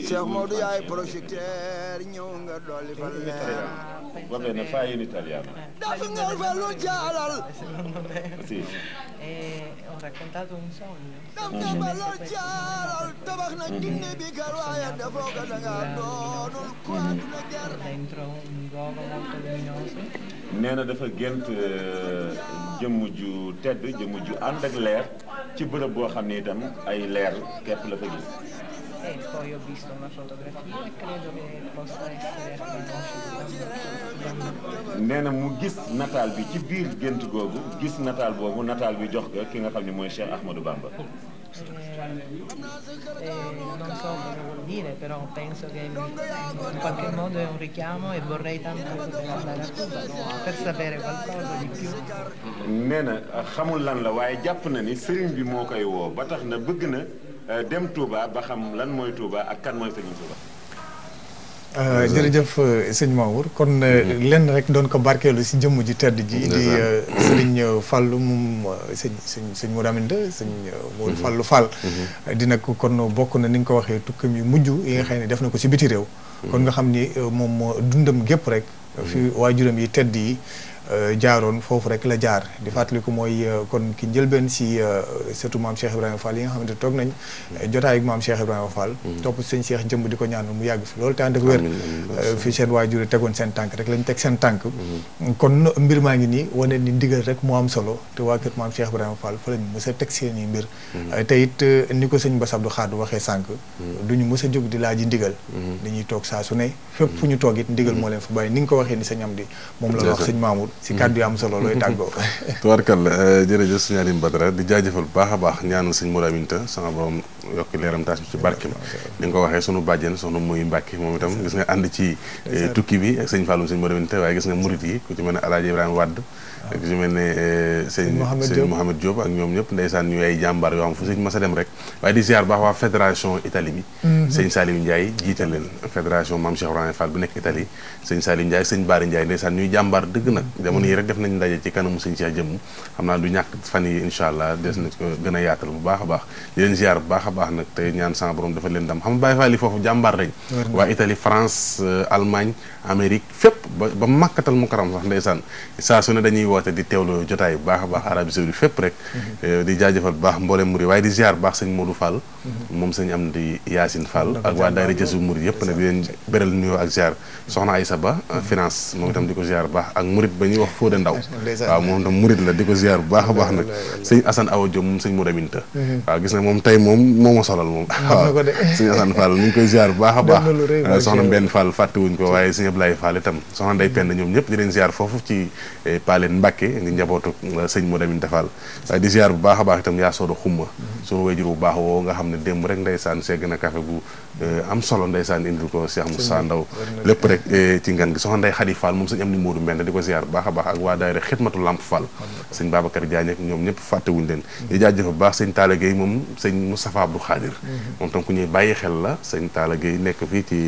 Speaker 11: siamo di ai
Speaker 10: progettari, non dolli
Speaker 11: parliamo. Va bene, fai in italiano.
Speaker 10: Da signor bello giallo.
Speaker 11: Sì.
Speaker 9: Ho raccontato un sogno. Da signor bello giallo, da vacna ginne bicaroia, da foca da
Speaker 1: gatto,
Speaker 4: non quadro
Speaker 9: da guerra. Dentro
Speaker 1: un luogo molto luminoso.
Speaker 11: nee na dafa gént euh, jëmm ju tedd jëmm ju ànd ak leer ci bërëb boo xam ne itam ay leer képp la fa gis. E poi na mu gis nataal bi ci biir gént googu gis nataal boobu nataal bi jox ko ki nga xam ne mooy Cheikh Ahmadou Bamba.
Speaker 9: Eh, eh, non so cosa vuol dire, però penso che in qualche modo è un richiamo e
Speaker 4: vorrei tanto andare a Cuba per sapere qualcosa di più.
Speaker 11: nee na xamul lan la waaye jàpp na ni sëriñ bi moo koy woo ba tax na bëgg na eh, dem Touba ba xam lan mooy Touba ak kan mooy sëriñ Touba.
Speaker 2: Euh, jërëjëf euh, sëñ Mamour kon euh, mm-hmm. lenn rek doon ko barkeelu si jëmm ji tedd ji di sëriñ Fàllu moom sëñ sëñ sëñ Mourou Aminta sëñ Mourou mm-hmm. Fàllu Fall
Speaker 4: mm-hmm.
Speaker 2: dina ko kon bokk na ni nga ko waxee tukkam yi mujj yi nga xam ne def na ko si biti réew kon nga xam ni moom moo dundam gépp rek fi waajuram yi tedd yi Euh, jaaroon foofu rek la jaar di fàttaliku mooy euh, kon ki njëlbeen si euh, surtout maam Cheikh Ibrahima Fall yi nga xamante toog nañ mm. jotaay ak maam Cheikh Ibrahima Fall mm. topp sëñ Cheikh jëmb di ko ñaanal mu yàgg fi loolu te ànd ak wér seen waajur tegoon seen tànk rek lañ teg seen mm-hmm. kon mbir maa ngi nii wane ni ndigal rek moo am solo te waa kër maam Cheikh Ibrahima Fall fa lañ teg seen i
Speaker 4: mm-hmm.
Speaker 2: te it ni ko sëñ Bass Abdou Khadre waxee sànq mm-hmm. du ñu a jóg di laaj ndigal dañuy toog saa su ne fépp fu ñu toog it ndigal moo leen fu bàyyi ni nga ko waxee ni sëñ am di moom la wax sëñ Mamour si kàddu yu am solo looy tàggoo.
Speaker 3: tubaarkal euh, jërëjëf sëñ Alioune Badara di jaajëfal bu baax a baax ñaanal sëñ Mourou Aminta sama borom yokk leeram taas ci barkeem ni nga ko waxee sunu bàjjen soxna muy Mbàkke moom itam gis nga ànd ci euh, tukki bi ak sëñ Fallou sëñ Mourou Aminta waaye gis nga murit yi ku ci mel ne Alaaji Ibrahima Wadd ak su mel ne sëñ sëñ Mouhamed Diop ak ñoom ñëpp ndeysaan ñu ay jàmbaar yoo xam fu sëñ masa dem rek waaye di ziar baax waa fédération Italie bi mhm. sëñ Saliou Ndiaye jiital leen fédération Mame Cheikh Ibrahima Fall bi nekk Italie sëñ Saliou Ndiaye sëñ Bari Ndiaye ndeysaan ñuy jàmbaar dëgg nag mhm. jamono yi rek def nañ ndaje ci kanamu sëñ Cheikh jëmm xam naa du ñàkk fan yi incha allah des na ko gën a yaatal bu baax a baax di leen ziar bu baax a baax nag tey ñaan sama borom dafa leen dam xam nga Baye Fall yi foofu jàmbaar rek waa Italie France euh, Allemagne Amérique fépp ba ba woote di teewloo jotaay bu baax a baax Arabie Saoudite fépp rek
Speaker 4: mhm.
Speaker 3: di jaajëfal bu baax mboolem muri waaye di ziar bu baax sëñ Modou Fall mhm. moom sëñ am di Yacine Fall ak waa daayira Jazbul Ba mhm. euh, finance moom itam di ko ziar bu baax ak murid ba ñuy wax Fodé Ndaw waaw moom itam murid la di ko ziar bu baax a baax nag sëñ Assane Awa Diop moom sëñ Modou Aminta waaw gis na moom tey moom moo a solal moom waaw sëñ Assane Fall koy ziar baax a baax euh, soxna Mbenn Fall fàttewuñ ko waaye sëñ Ablaye Fall itam soxna Ndeye Penda ñoom ñëpp di leen ziar foofu ci eh, paalen Mbacke ngi njabootu euh, sëñ Modou Amine Tafal waaye di bu baax a baax itam yaa sooda xumma mhm. suma wayjur bu baax woo nga xam ne démb rek ndeysaan segg a café bu Euh, am solo ndeysaan indil ko mu saa Ndaw lépp rek eh, ci ngan gi soxna Ndey Xadi Fall moom sëñ am ni Moodu Mbend di ko ziar baax a baax ak waa daayira Xidmatu Lamp Fall sëñ Babacar Diagne ñoom ñëpp fàttewuñ leen di jaajëfa baax sëñ Talla Gueye moom sëñ Moustapha Abdou Khadir mhm. moom tam ku ñuy bàyyi xel la sëñ taala Gueye nekk fii ci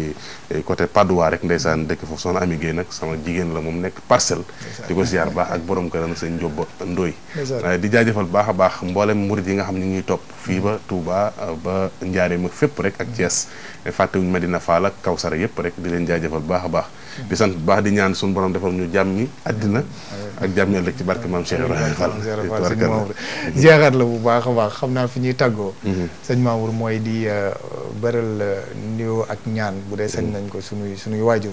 Speaker 3: eh, côté Padoua rek ndeysaan dëkk foofu soxna Ami Gueye nag sama jigéen la moom nekk parcelle di ko ziar baax ak borom seen sëñ Diop Ndoy eh, di jaajëfal baax a baax mboolem murit yi nga xam ni ñuy topp fii ba Touba ba Njaaréem fépp rek ak Thiès fàttewuñu Medina Fall ak Kawsara yëpp rek di leen jaajëfal baax a baax di sant baax di ñaan suñu borom defal ñu jàmm ñi àddina ak jàmm ëllëg ci barke maam Cheikh Ibrahima Fall sëñ Mamour la bu baax a baax xam naa fi ñuy tàggoo sañ mm-hmm. sëñ Mamour mooy di euh,
Speaker 2: bëral euh, nuyoo ak ñaan bu dee sañ mm-hmm. nañ ko sunuy sunuy waajur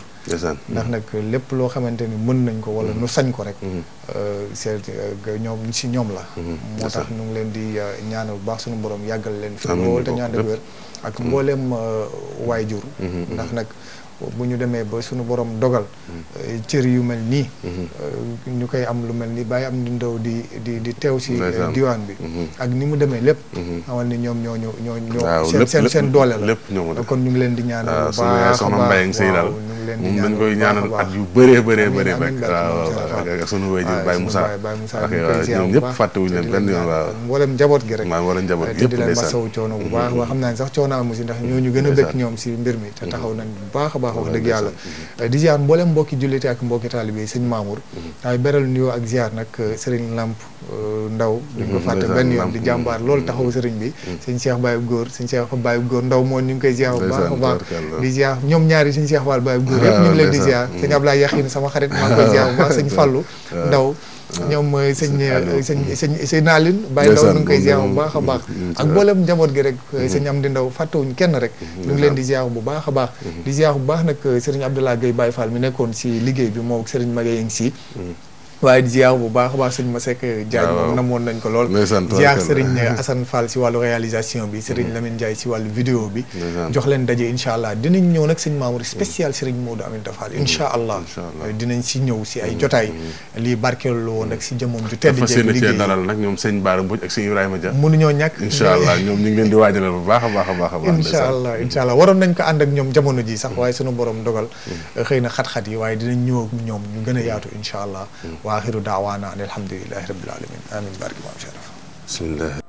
Speaker 2: ndax nag lépp loo xamante ni mën nañ ko wala mm-hmm. nu sañ ko rek c'est euh, ñoom si ñoom la moo tax nu ngi leen di ñaanal bu baax sunu borom yàggal leen fi loolu te ñaan ak wér ak mbooleem waajur ndax nag bu ñu demee ba suñu boroom dogal hmm. eh, cër yu mel nii hmm. eh, ñu koy am lu mel ni bàyyi am ni ndaw di di di teew si eh, diwaan bi hmm. ak ni mu demee lépp xamal ni ñoom ñooñu ñoo ñoo seen seen doole la kon ñu ngi leen di ñaanal ah, bu baax soxna Mbayang Sëy daal moom dañ koy ñaanal
Speaker 3: at yu bëree bëree bëri rek waaw ak sunu wéyjur ah, Baye Moussa ak ñoom ñëpp fàttewuñu leen benn yoon waaw mboolem njaboot gi rek mboolem njaboot gi di leen masawu
Speaker 2: coono bu baax waa xam naa ne sax coono amu si ndax ñooñu gën a bëgg ñoom si mbir mi te taxaw nañ bu baax baax wax dëgg yàlla mhm. euh, di ziar mboolem mbokki jullite ak mbokki taalibe sëñ Mamour waaye mhm. beral nuyoo ak ziar nag euh, sëriñ Lamp euh, Ndaw mhm. duñ ko fàtte benn yoon di jàmbaar loolu taxaw sëriñ bi sëñ Cheikh Baye Góor sëñ Cheikh Baye Góor Ndaw moom ñu ngi koy ziar baax a baax di ziar ñoom ñaari sëñ Cheikh Baye Góor yëpp ñu ah, leen di ziar sëñ Ablaye Yaxin sama xarit maa koy ah, ziar baax sëñ Fallou ah. Ndaw Ah. ñoom sëñ sëñ eh, mm. sëñ sëñ naalin bàyyi ndaw nu ngi koy ziar bu baax a baax mm-hmm. ak booleem njaboot gi rek eh, sëñ mm-hmm. am di ndaw fàttewuñ kenn rek mm-hmm. ñu ngi leen di ziar bu baax a baax di ziar bu baax nag eh, sëriñ Abdoulaye Gueye Baye Fall mi nekkoon si liggéey bi moo sëriñ Magaye ngi si waaye ziar bu baax a baax sëñ Masek Diagne moom namoon nañ ko
Speaker 5: lool
Speaker 4: ziar sëriñ
Speaker 2: Assane Fall si wàllu réalisation bi sëriñ mm-hmm. Lamine Ndiaye si wàllu vidéo
Speaker 3: bi jox
Speaker 2: leen daje incha allah dinañ ñëw nag sëñ Mamour mm-hmm. spécial sëriñ Modou Aminta Fall mm-hmm. incha allah euh, dinañ si ñëw si ay jotaay lii barkeelu la woon nag si jëmmam ju tedd jeeg liggéey dalal
Speaker 3: nag ñoom sëñ Baara Mbodj ak sëñ Ibrahima Dia mënuñoo ñàkk incha allah ñoom ñu ngi leen di waajalal bu baax a baax a baax a baax incha
Speaker 2: allah incha allah waroon nañ ko ànd ak ñoom jamono ji sax waaye sunu borom dogal xëy na xat-xat yi waaye dinañ ñëw ak ñoom ñu gën a yaatu incha allah واخر دعوانا ان الحمد لله رب العالمين امين
Speaker 4: بارك الله شرف
Speaker 3: بسم الله